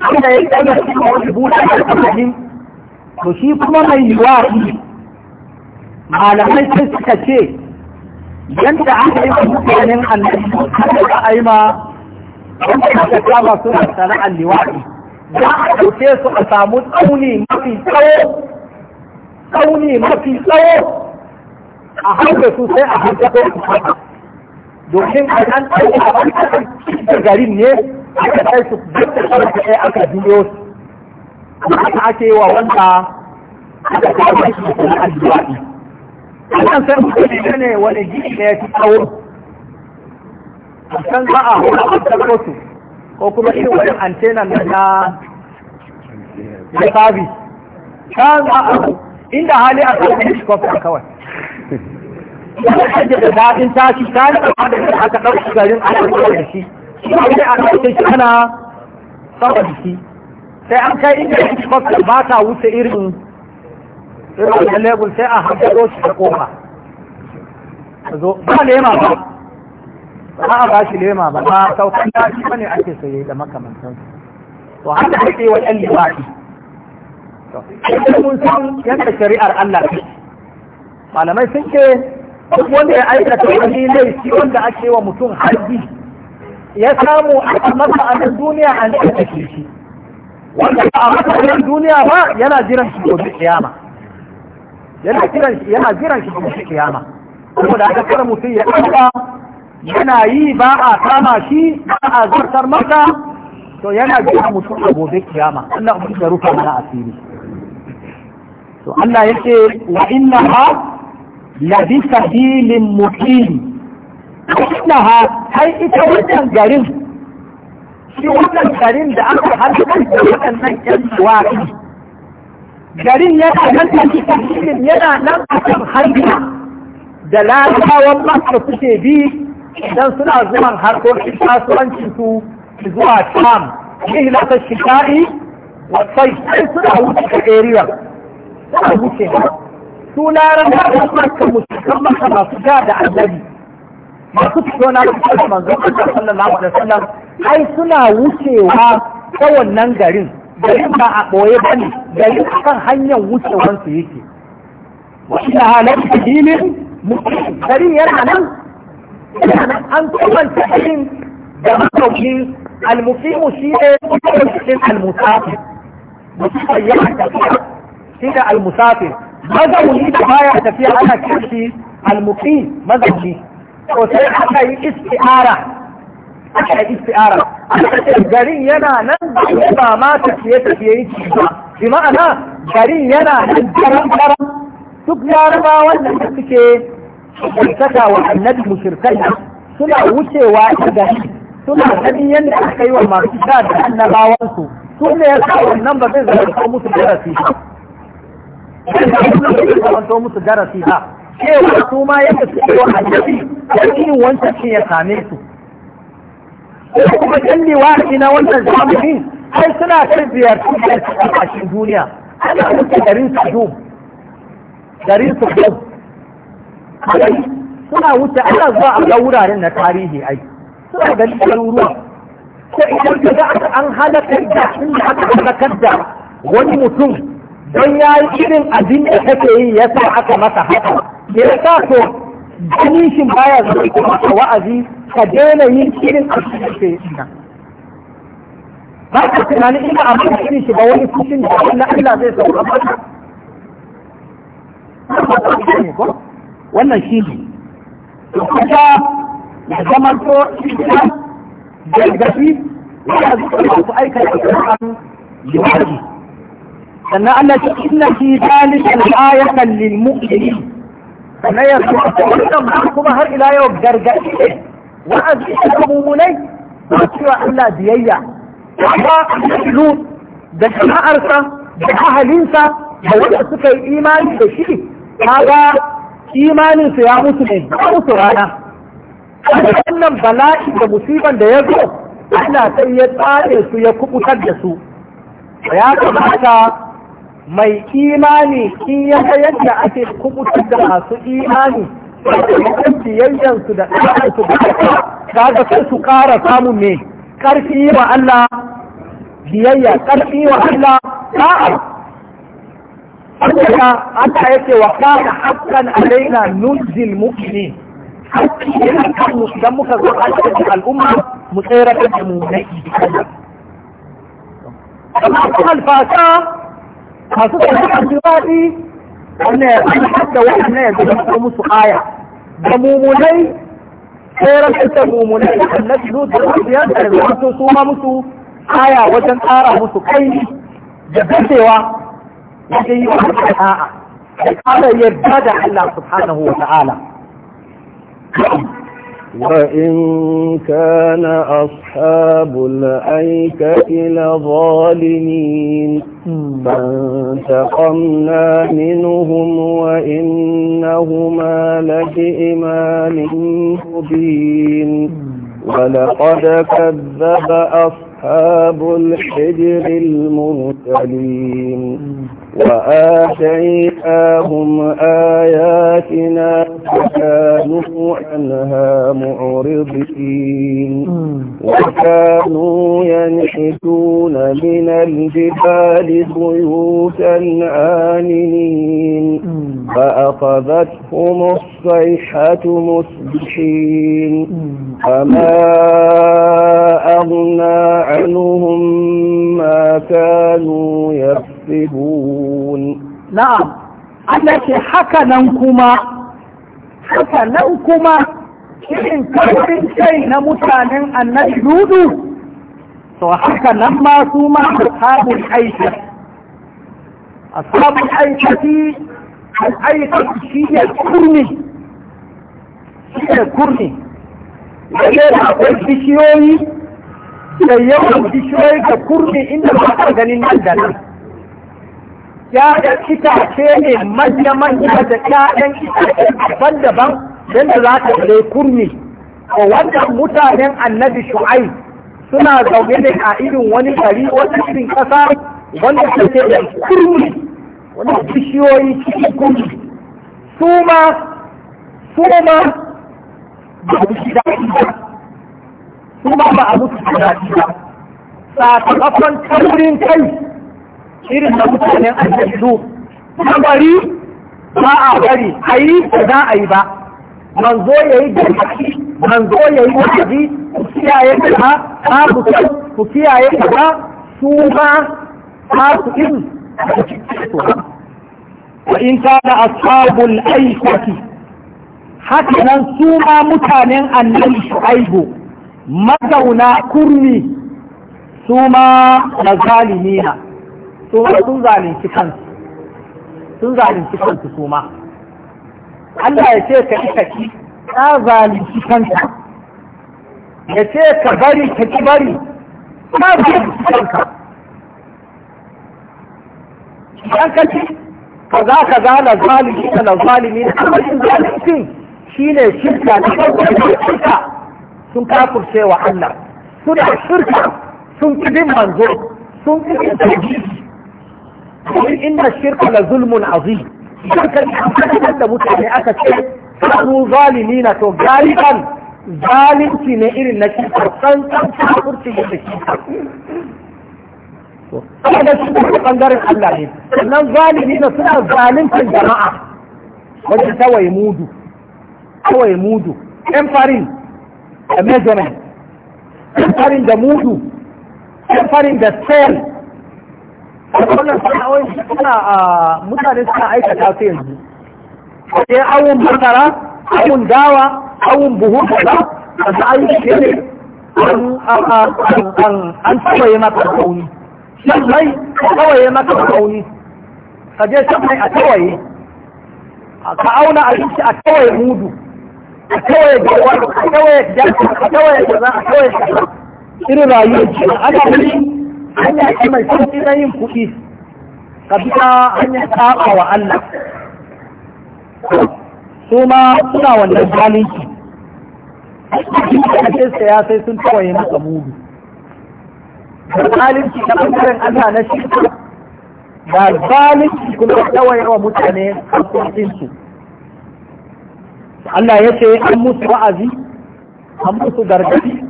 wanda ya tsadafi a wani da a to shi kuma mai yiwa malamai sun suka ce yadda aka yi mutanen annabi aka a yi ma wanda aka kama su da sana'ar liwaɗi za a ɗauke su a samu tsauni mafi tsawo tsauni mafi tsawo a hanga su sai a hanga su domin a an ɗauke a ɓangaren garin ne aka kai su da ɗaya aka biyo su aka ake wa wanda aka kama su da sana'ar liwaɗi wannan sai mutum ne wani jiki ne ya fi A san za a hula a tsakko su ko kuma irin wani antena na na sabi Ta za a inda hali a tsakko shi kofa kawai Wani da daɗin tashi ta yi a da aka ɗauki garin a ɗauki da shi, shi ne a ɗauki shi ana saba da shi, sai an kai inda shi kofa ba ta wuce irin irin wannan lebur sai a hankalo shi da kofa zo ba lema ba ba a bashi lema ba ba saukan daji ba ne ake saye da makamantan to haka ake wa ɗan liwaɗi to mun san yadda shari'ar Allah ce malamai sun ce duk wanda ya aikata wani laifi wanda ake wa mutum haddi ya samu a masa a nan duniya an tsaka shi wanda ba a masa a nan duniya ba yana jiran shi gobe kiyama yana kiran shi yana jiran shi kuma kiyama saboda haka kar mutum ya ɗauka yana yi ba a kama shi ba a zartar masa to yana jira mutum a gobe kiyama Allah ubangiji ya rufa mana asiri to Allah yake wa innaha la bi sahilin muqim innaha kai ita wannan garin shi wannan garin da aka harkar da wannan yan wa'i garin yana nan a cikin yana nan a kan harbi da larabawan masar suke bi idan suna zuwan harkokin kasuwancin su zuwa tam ihlata shika'i wa sai sai suna wuce ta area suna wuce su larabawan masar musulman masa masu ga da annabi masu fito na da manzon Allah sallallahu alaihi wasallam ai suna wucewa ta wannan garin garin ba a ɓoye ba ne garin a kan hanyar wucewansu yake wa ina halar filin mutum garin yana nan yana nan an kumanta garin da masauki almukimu shi ne cikin almusafi mutum ya tafiya shi da almusafi mazauni da baya tafiya ana kirki almuki mazauni to sai aka yi istiara aka yi isti'ara garin yana nan ba ma tafiye tafiye yake ba bi ma'ana garin yana nan garan garan duk larabawa wannan da suke shirkata wa annabi mushirkai suna wucewa da gari suna ganin yadda aka yi wa masu sha da annabawansu su ne ya sa wannan ba zai zama musu darasi ba zai musu darasi ba cewa su ma yadda suke wa annabi da irin wancan ya same su da kuma yan liwaɗi na wannan zamani ai suna kan ziyarci ziyarci a kashin duniya ana wuce garin sadum garin sadum suna wuce ana zuwa a ga wuraren na tarihi ai suna ganin garuruwa sai idan ka ga an halakar da inda aka halakar da wani mutum don ya yi irin abin da kake yi ya sa aka masa haka ya sa to ganin baya zama kuma wa'azi ka daina yin irin abin da ke nan. ba ka tunanin ina a mai irin shi ba wani fushin da Allah Allah zai sauka ba wannan shi ne to kaga ya zama da gargafi ya zuwa su aika da Qur'an liwaji sannan Allah ce inna fi zalika ayatan lil sannan ya zuwa wannan kuma har ila yau gargafi wa'azi da mummunai ba cewa Allah biyayya amma Lut da jama'arsa da ahalinsa da wanda suka yi imani da shi kaga imanin su ya mutu ne ba mutu rana wannan bala'i da musiban da ya zo Allah sai ya tsare su ya kubutar da su ya kamata mai imani in ya yadda ake kubutar da masu imani sakamakon biyayyansu da ɗansu da ta ga sai su ƙara samun me ƙarfi wa Allah biyayya ƙarfi wa Allah ta'a Allah Allah yake wa kana hakkan alaina nunzil mu'minin hakki ne akan mu idan muka zo a al'umma mu tsere da mu na amma alfasa masu tsare da jiradi wannan ya zama da wannan ya zama musu aya da mumunai tseren ita mumunai da annabi lut da wasiyar da rubutu su ma musu aya wajen tsara musu kai da dacewa wajen yi wa a'a da kara yarda da Allah subhanahu wa ta'ala وإن كان أصحاب الأيكة لظالمين فانتقمنا منهم وإنهما لبإمام مبين ولقد كذب أصحاب الحجر المرسلين وآتيناهم آياتنا فكانوا عنها معرضين وكانوا ينحتون من الجبال بيوتا آمنين فأخذتهم الصيحة مصبحين فما أغنى عنهم ما كانوا يفعلون يكسبون نعم التي حكى ننكما حكى ننكما إن كنتم شيء متانا أن نجدود وحكى لما ثم أصحاب الأيكة أصحاب الأيكة الأيكة شيء الكرمي شيء الكرمي وغير أقول بشيوي da yawan bishiyoyi da kurmi inda ba a ganin nan da nan ‘ya'yan itace ne manya-manya da ‘ya'yan itace daban-daban da za ta dai kurmi. Ko wannan mutanen annabi Shu'ai suna zaune ne a irin wani gari wata irin ƙasa wanda take da kurmi, wani bishiyoyi cikin kurmi. Su ma, su ma ba a shi daɗi ba, su ma ba a musu daɗi ba. Sakamakon kai irin na mutanen aljannu ta bari ba a bari a yi ta za a yi ba manzo ya yi gargaɗi manzo ya yi wajibi ku kiyaye kaza ta ku ku kiyaye kaza su ma ta ku in wa in kana ashabul aikati haka nan su ma mutanen annabi shu'aibu mazauna kurmi su ma na zalimina su ma sun zalunci kansu sun zalunci kansu su ma Allah ya ce ka ita ki ka zalunci kanka ya ce ka bari ka ki bari ka zalunci kanka idan ka ci kaza kaza na zalimi la zalimi da amalin shi ne shirka da shirka sun kafurce wa Allah suna shirka sun kidin manzo sun kidin tajiri يقول إن الشرك لظلم عظيم الشرك الحقيقة أنت متعني أكد شرك فأنوا ظالمين غالبا ظالم في نئر النشيطة فأنت تحقر في النشيطة أنا شرك قندر الحلالين أنا ظالمين سنة ظالم في الجماعة وجه سوى يمودو سوى يمودو كم فارين أمي زمان كم فارين دمودو كم فارين دسال wannan sana'o'in suna a mutane suna aikata su yanzu sai awon bakara awon dawa awon buhu kaza da ta ayi shi ne an tawaye maka kauni shan mai tawaye maka kauni ka je shan mai a tawaye ka auna abinci a tawaye mudu a tawaye gawa a tawaye jaka a tawaye kaza a tawaye kaza irin rayuwar ce ana yi hanya ce mai sauki na yin kuɗi ka bi ta hanyar saba wa Allah su ma suna wannan zalunci a ce saya sai sun tawaye masa mudu da zalunci na ɓangaren Allah na shi da zalunci kuma tawaye wa mutane a hakokinsu Allah ya ce an musu wa'azi an musu gargaɗi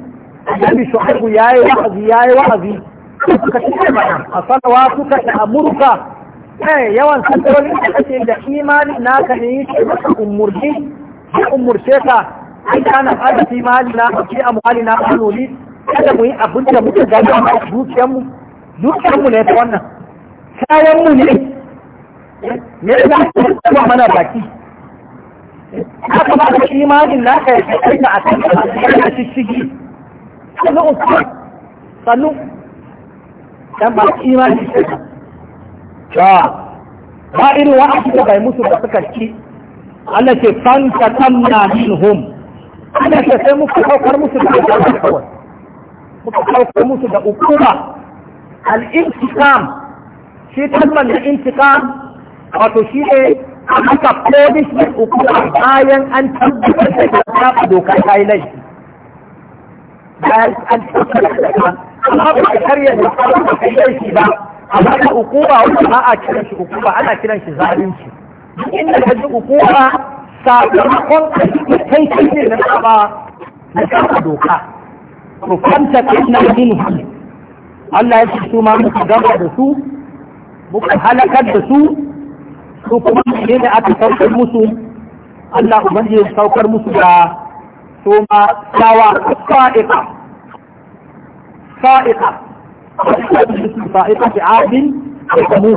Annabi Shu'aibu yayi wa'azi yayi wa'azi ka cike mana a salawa suka ta amurka eh yawan sallolin da kake da imani naka ne umurni umurce ka ai kana fara fi mali na fi amwali na aloli kada mu yi abin da muke gani a dukiyar mu mu ne ta wannan Kayanmu ne me yasa kuma mana baki haka ba da imanin na ka yi aika a kan a cikin sannu sannu dan ba imani ta ba irin wa'azi da bai musu da suka ci Allah ce fan ta tamna minhum Allah ce sai muka kaukar musu da kawai muka kaukar musu da ukuba al-intiqam shi kalmar da intiqam wato shi ne aka kodi shi ukuba bayan an tabbatar da ta doka ta yi laifi bayan an tattara da kan amma ba a karya da ba a yi ba amma da hukuma wanda ba a kiran shi hukuma ana kiran shi zalunci inda ka ji hukuma sakamakon kai kai ne na saba na saba doka to kanta kana minhu Allah ya ce su ma muka gaba da su muka halakar da su su kuma ne da aka saukar musu Allah ubangiji ya saukar musu da to ma tsawa fa’iƙa fa’iƙa fa’iƙa fi abin kamu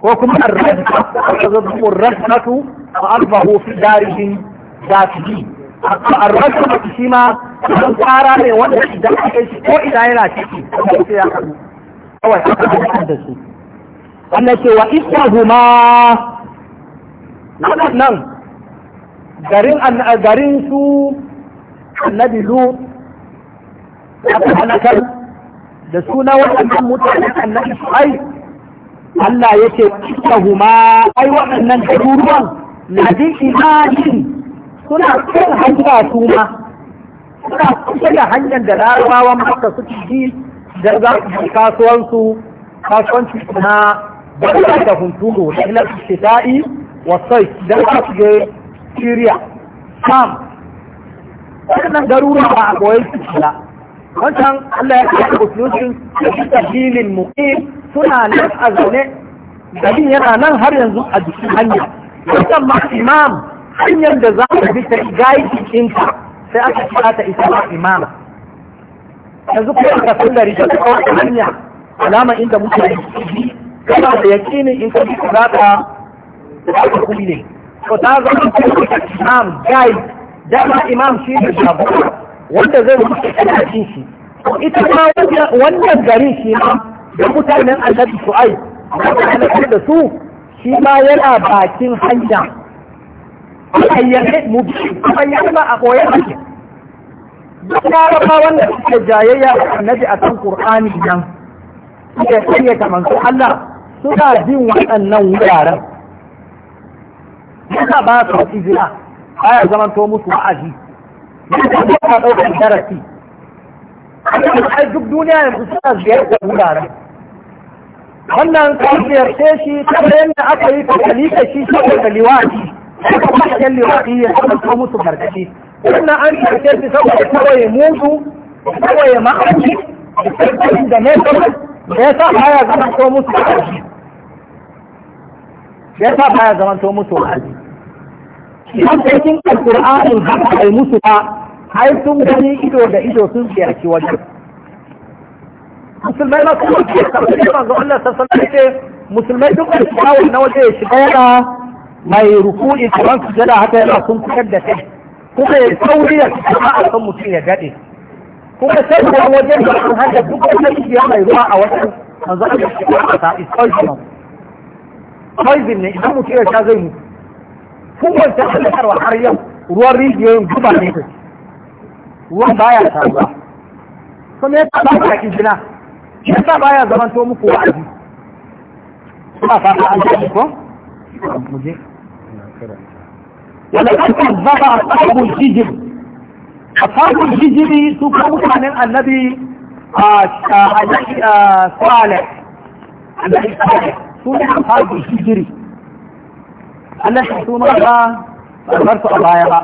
ko kuma arraba da zaɓi rasnatu a arba hofi darihin zafi a arraba ta shi ma sun fara ne wanda idan aka yi ko ina yana ciki kuma sai ya haɗu kawai aka haɗu da su wannan ce wa ita zuma nan. garin garin su annabi lu aka halakar da suna waɗannan mutane annabi ai Allah yake huma ai waɗannan garuruwan na bi imanin suna kan hanya su ma suna kusa da hanyar da larabawan maka suke ji da za su kasuwansu kasuwanci na da da hunturu da ilar shita'i wasai da za Syria Sam waɗannan garuruwa ba a goyi su ba wancan Allah ya kai usulun da sabilin muqim suna nan a zaune gabin yana nan har yanzu a jikin hanya Wancan ma imam hanyar da za a bi ta gaidi sai aka kira ta ita ma imama yanzu kuma ka san da rigar kawai hanya alama inda mutane su bi kana da yakinin in ka bi za ka za ne. to ta zama imam gai dama imam shi ne shabu wanda zai rubuta kana cin shi ita ma wannan gari shi ma da mutanen annabi da halakar da su shi ma yana bakin hanya ayyane mu bi ba a koyar da shi annabi a kan qur'ani nan Allah suna bin waɗannan wuraren yana ba su izina baya zaman to musu wa'azi yana ba ɗaukar darasi a duk duniya yanzu suna ziyartar wuraren wannan ka ziyarce shi kamar yadda aka yi ka kalika shi saboda liwati ka kashen liwati ya zama to musu gargaɗi wannan an ziyarce shi saboda kawai mutu kawai ma'aji da ne da ya sa baya zaman to musu ya sa baya zaman to musu wa'azi hankalin alƙur'anin haka ai musu ba ai sun gani ido da ido sun ziyarci wajen musulmai ma kuma ke karfi manzo Allah sassan ce musulmai duk da shawar na waje ya shiga yana mai ruku'i kamar su jada haka yana sun fitar da kai kuka yi sauri da kuma a kan mutum ya daɗe Kuma sai da wajen da sun hada duk wata rijiya mai ruwa a wajen manzo Allah ya shiga a ta is poison poison ne idan mutum ya sha zai mutu tun wancan halittarwa har yau ruwan rijiyoyin guba ne su ruwan baya taruwa kuma ya taɓa ba ki jina ya sa baya zaman to muku wa'azi ba fata an ji ko mu je wala kan zaba ashabul hijr ashabul hijr su kuma mutanen annabi a a salih annabi salih su ne ashabul hijr Allah shi su ma ba bar su a baya ba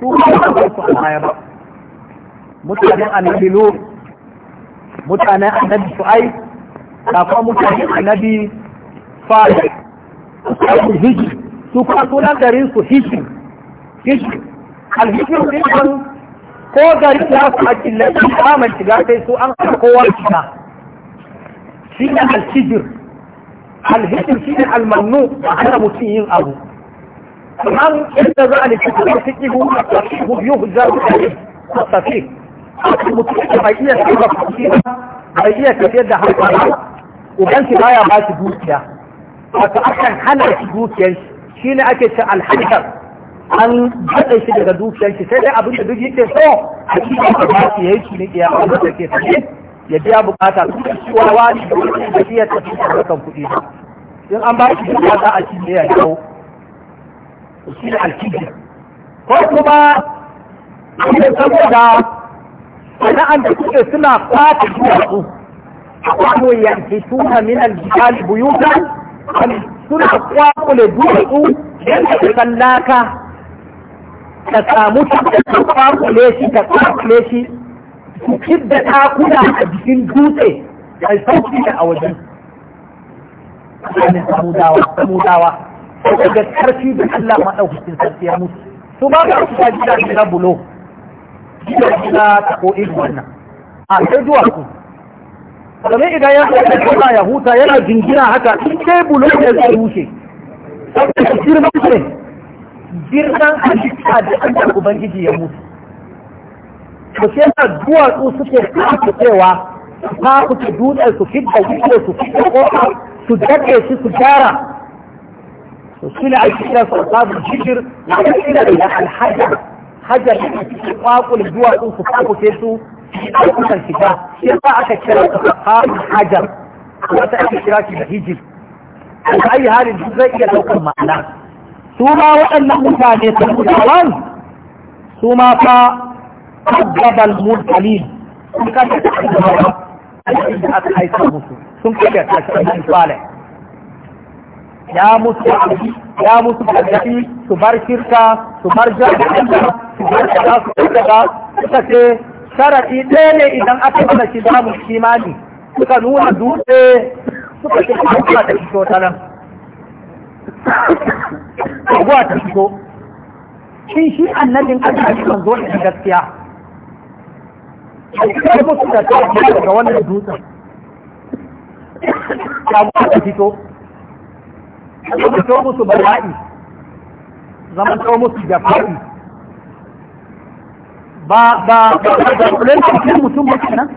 su ma bar su a baya ba mutanen annabi lu mutanen annabi su'ai da kuma mutanen annabi fadi su hiji su kuma sunan garin su hiji hiji alhijir ne ko gari ya su a killaci kamar shiga sai su an kowa shiga shi ne alhijir alhikin shi ne almannu ana mutum yin abu kamar yadda za a littafi da fiki hu hu yuhu za su tafi mutum da bai iya sarrafa kuɗi ba bai iya tafiyar da hankali ba ubanki baya ba shi dukiya wato akan hana shi dukiyar shi ne ake ce alhajar an gaɗa shi daga dukiyar shi sai dai abin da duk yake so a cikin da ba shi yayi shi ne iya ba da ke tafiya ya biya bukata su da shi wani wani da wani da shi ya tafi da harkar kuɗi in an ba shi da za a ci ne ya kawo shi ne alkijin ko kuma ne saboda sana'an da kuke suna fata zuwa su kwano yanke tuna min aljihali buyutan suna kwakule duwatsu yadda ta sallaka ka samu ta kwakule shi ka kwakule shi ku kidda takuna a jikin dutse a sauki da a wajen ne samudawa samudawa daga karfi da Allah maɗaukakin sarki ya mutu su ba ka kusa gida gida bulo gida gida ta ko irin wannan a sai zuwa duwatsu domin idan ya haɗa kuma ya huta yana jingina haka in kai bulo ne zai wuce saboda girman ne girman a da an da ubangiji ya mutu to shi yasa duwatsu suke kafa cewa ta kuce dutsen su fidda wuce su fidda su dade shi su gyara to shi ne ake kira su asabu jikir na kira da alhajar hajar da ke kwakul su kafuce su ɗaukukan shiga shi aka kira su asabu hajar wata ake kira shi da hijir a ayi halin zai iya daukan ma'ana su ma waɗannan mutane su mutawan su ma fa كذب المرسلين sun kashe da aka haifa musu sun kashe kashe salih ya musu ya musu gargaɗi su bar shirka su bar jami'a su bar kaza su kaza suka ce sarari ɗaya ne idan aka mana shi za mu kimani suka nuna dutse suka ce kuma ta fito ta nan ta fito shin shi annabin aka yi manzo da gaskiya kai musu da ta daga wannan dutsen ta ta fito zama ta musu bala'i zama ta musu jafa'i ba ba ba da kulen cikin mutum ba kenan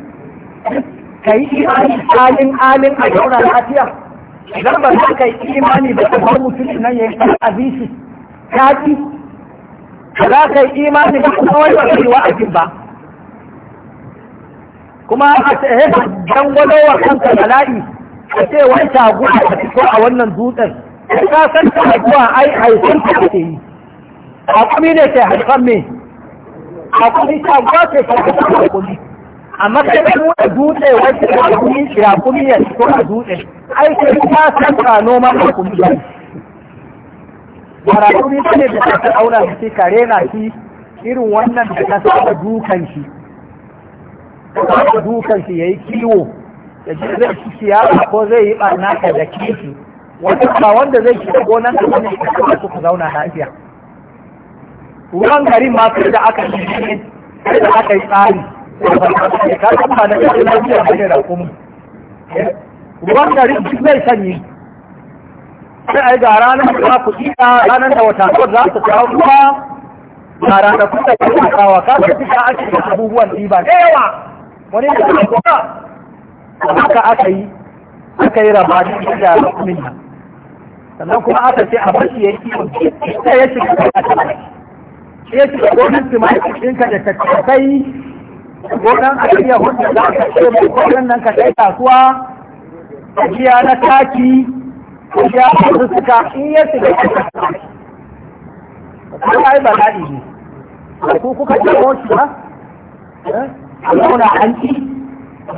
kai imani alin alin a jaura lafiya idan ba za ka yi imani da kasar mutum nan ya yi abin shi ka ji za ka yi imani da kuma wani wa'azin ba kuma a tsaye eh, dangwalowa kanka bala'i a ce wai taguwa a fito a wannan dutsen ka san taguwa ai haifar ta ke yi A akwami ne ke haifar me A akwami taguwa ke haifar akwami amma kai ka nuna dutse wai ta akwami shi akwami ya fito a dutse ai kai ka san ka noma akwami ba Bara kuri ne da ta auna shi kare na shi irin wannan da ta saba dukan shi dukan shi yayi kiwo ya ji zai ci ciyawa ko zai yi barna ka da kifi wanda ba wanda zai ci gonan ka bane ka su ka zauna lafiya ruwan garin ma sai da aka yi sai da aka yi tsari ka san ba na cikin lafiya bane da kuma ruwan garin duk zai sanyi sai a yi ga ranar da ku tsira ranar da wata za su kawo ruwa na kuma da ke kawo ka fi fita ake da abubuwan ɗiba da yawa wani da ake kuma haka aka yi aka yi rabani da rukunin nan sannan kuma aka ce a bashi ya yi ita ya shiga a cikin ya shiga gonan timatik ɗinka da tattakai gonan ajiya hundu za ka ce mai gonan nan ka kai kasuwa na taki ya masu in ya shiga a cikin kuma ai yi ne ku kuka ce shi ba eh? nuna hanci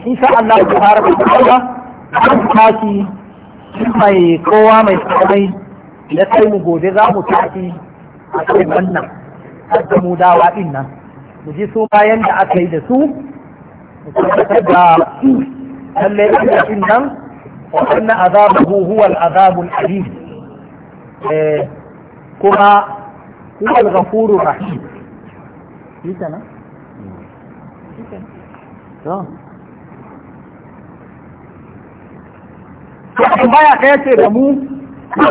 shi sa Allah ya fara da kowa an tashi mai kowa mai komai na kai mu gobe za mu tashi a kai wannan har da mu dawa din nan mu ji su bayan da aka yi da su mu tabbatar da lalle ina din nan wa anna azabuhu huwa al-azabul alim eh, kuma huwa al-ghafurur rahim shi kenan tambaya ɗaya ce da mu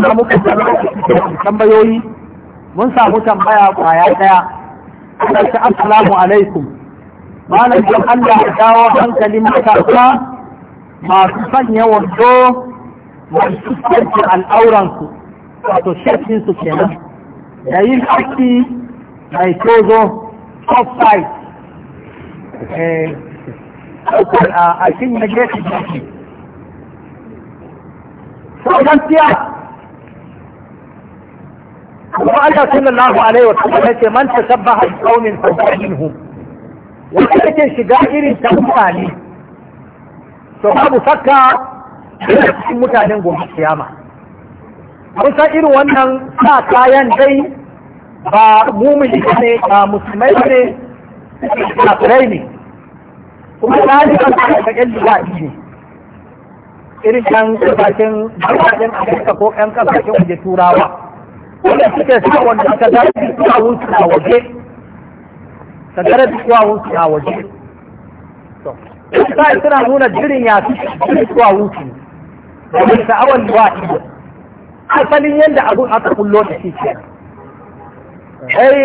da muka tambayoyi mun samu tambaya kwaya ɗaya ana ta assalamu alaikum malam don Allah ya dawo hankalin matasa masu sanya wando masu sanya al'auransu wato shakinsu kenan da yin haƙƙi mai tozo offside a cikin na gefe gefe sau gaskiya kuma Allah sallallahu alaihi wa sallam yace man tasabbaha bi qaumin fa minhum wanda yake shiga irin ta mutane to babu sakka cikin mutanen gobe kiyama kusa irin wannan sa kayan dai ba mumuni ne ba musulmai ne kafirai ne kuma ta a ƙaƙen luwaɗi ne irin ɗan kasashen kasashen afirka ko ɗan kasashen waje turawa wanda suke sa wanda suka zarafi tuwawun su a waje ka zarafi tuwawun wunsu a waje sai suna nuna jirin ya fi jirin tuwawun su da mai sa'awar da ne asalin yadda abun aka kullo da shi ke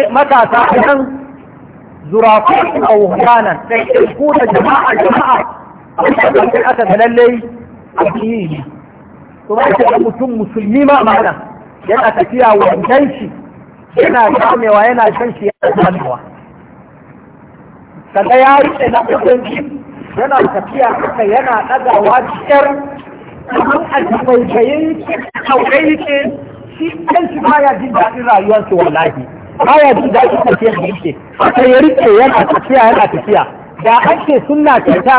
matasa a zurafin a wuhanan sai ku da jama'a jama'a a cikin aka ga lallai a fiye ne to ba ta mutum musulmi ma mana yana tafiya wancan shi yana samewa yana shan shi yana kamewa kaga ya rike na kudin yana tafiya haka yana ɗagawa cikin kamar a jimaibayin aure yake shi kan shi ya jin daɗin rayuwarsa wallahi baya jin daɗin tafiyar da yake haka ya rike yana tafiya yana tafiya da an ce sunna ce ta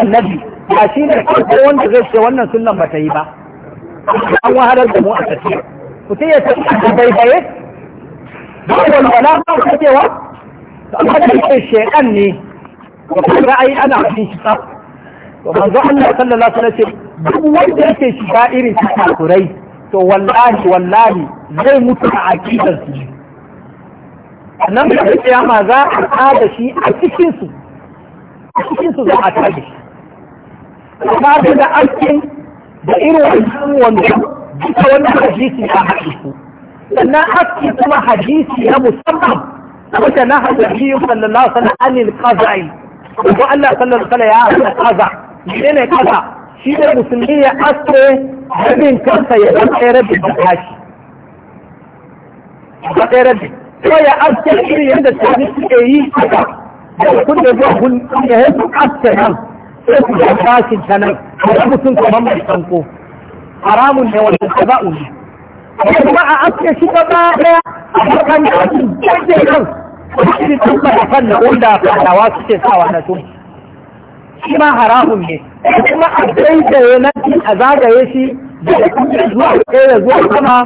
annabi ba shi ne ko wanda zai ce wannan sunnan ba ta yi ba an wahalar da mu a tafiya mutum ya tafi a baibaye ba walwala ba ta cewa amma da yake shekan ne ba ka ra'ayi ana cikin shi tsaf to manzo Allah sallallahu alaihi wasallam ce duk wanda yake shiga irin ta kurai to wallahi wallahi zai mutu a aqidar su nan da kiyama za a tada shi a cikinsu a cikinsu za a tada shi amma da da aikin da irin wannan wanda duka wannan hadisi ya haɗe su sannan aski kuma hadisi ya musamman wanda na hadisi sallallahu alaihi wasallam anil qaza'i ko Allah sallallahu alaihi ya hada qaza ne qaza shi ne musulmi ya aske rabin kansa ya zama rabin da kashi ba rabin ko ya aske iri yadda tafi suke yi haka da kun da zuwa kun da ya su aske nan sai su ga gashin ta nan da mutum kamar mai sanko haramun ne wanda ta ba'u ne kuma a aske shi gaba daya a kan gashin jirgin nan wani tumba da kan na wanda fadawa suke sawa na tun shi ma haramun ne kuma a zai daidai na a zagaye shi daga zuwa ɗaya zuwa sama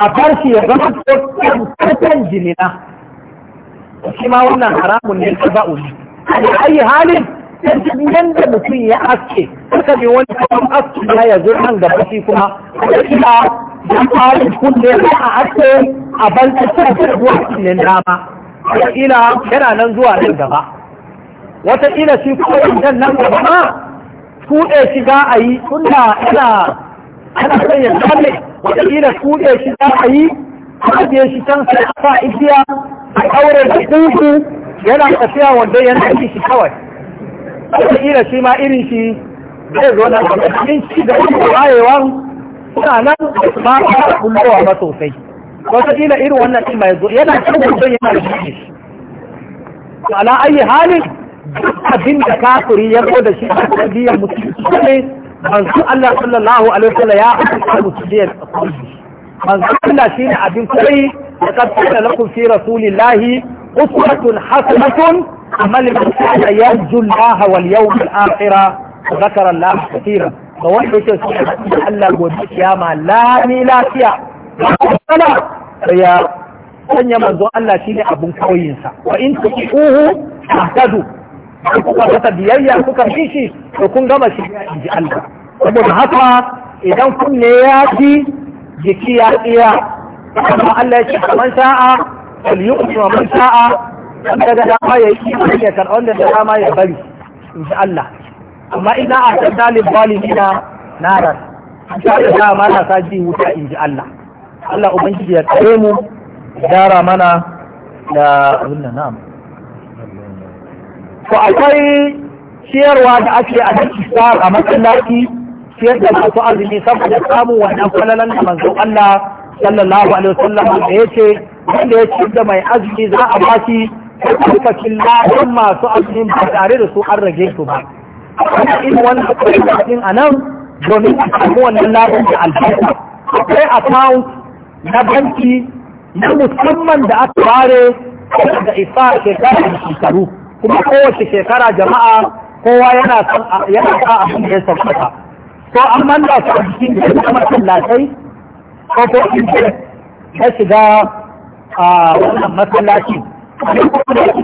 a bar shi ya zama tsarkan jimina. shi ma wannan haramun ne ta za'u ne a ayi halin yanzu da mutum ya aske suka bi wani kawon aski ya ya zo nan gaba shi kuma a ba da tsarin kunne a aske a ban tsarkan zuwa cikin dama a ila yana nan zuwa nan gaba wataƙila shi kuma yanzu nan gaba ma kuɗe shiga a yi tunda yana ana son ya zame wataƙila tuɗe shi za a yi a ajiye shi can sai a sa igiya a ɗaure da ɗinku yana tafiya wanda yana ci shi kawai wataƙila shi ma irin shi zai zo na ɗin shi da wani wayewan suna nan ma a bullowa ba sosai wataƙila irin wannan ɗin mai zo yana cin wanda yana da shi ala ayi halin abin da kafuri ya zo da shi a tarbiyyar mutum ne manzo Allah sallallahu alaihi wasallam ya haka mutiyar manzo Allah shine abin koyi da kafara lakum fi rasulillahi uswatun hasanatun amal man kana yarju Allah wal yawm al akhir ذكر الله كثيرا فوحي تسوح الله قد كياما لا ميلاتيا ولا يا sanya manzon Allah shine abin kauyinsa wa in tuquhu kuka masa biyayya kuka bi shi to kun gama shi in ji Allah saboda haka idan kunne ya fi jiki ya tsira. kuma Allah ya ce man sa'a fal yu'min wa man sa'a daga da ya yi ya karɓa wanda da ma ya bari in ji Allah amma ina a tattalin zalimina narar da za mana sa ji wuta in ji Allah Allah ubangiji ya tsare mu gyara mana da abin da na'am to akwai ciyarwa da ake a nan isar a masallaci ciyar da masu azumi saboda samun wannan falalan da manzon Allah sallallahu alaihi wasallam da yace wanda ya ciyar da mai azumi za a bashi lokacin ladan masu azumi ba tare da su an rage su ba ana in wannan kwaikwakin a nan domin a samu wannan ladan da albarka akwai account na banki na musamman da aka ware da isa shekara da shekaru kuma kowace shekara jama'a kowa yana sa abin da ya sauƙaƙa ko an manta su a jikin da ya masallatai ko ko in ta shiga a wannan masallaci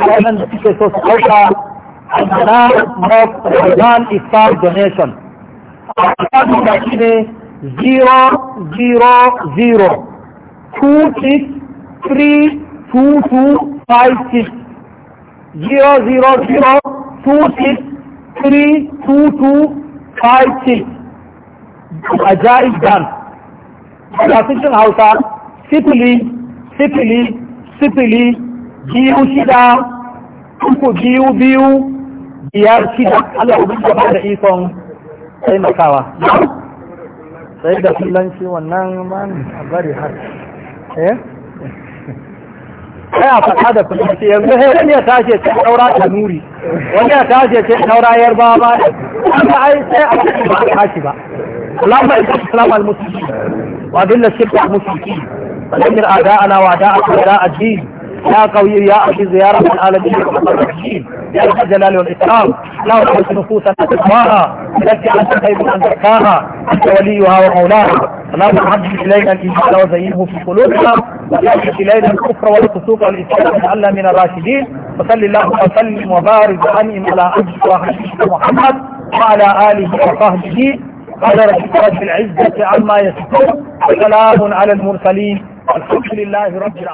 wannan da suke so su ɗauka na mock ramadan iftar donation a kasar da shi ne zero two six three two two five six. zero zero zero two six three two two five six a jari dan kasashen hausa sifili sifili sifili biyu shida uku biyu biyu biyar shida Allah ubin gaba da ikon taimakawa sai da kullanci wannan man a bari har eh sai a faɗa da fulci yanzu sai wani ya tashi sai saura ta nuri wani ya tashi sai saura yar ba ba amma ai sai a faɗi ba a tashi ba اللهم اجعل الاسلام المسلمين واذل الشرك المشركين ودمر اعداءنا واعداءك اعداء الدين يا قوي يا أخي زيارة العالمين الرحيم يا ذا الجلال والإكرام لا تحس نفوسنا تقواها التي أنت خير أن تقواها أنت وليها ومولاها اللهم عبد إلينا الإيمان وزينه في قلوبنا وأجل إلينا الكفر والفسوق والإسلام لعلنا من الراشدين وصل اللهم وسلم وبارك وأنعم على عبدك وحبيبك محمد وعلى آله وصحبه قال رب العزة عما يصفون وسلام على المرسلين الحمد لله رب العالمين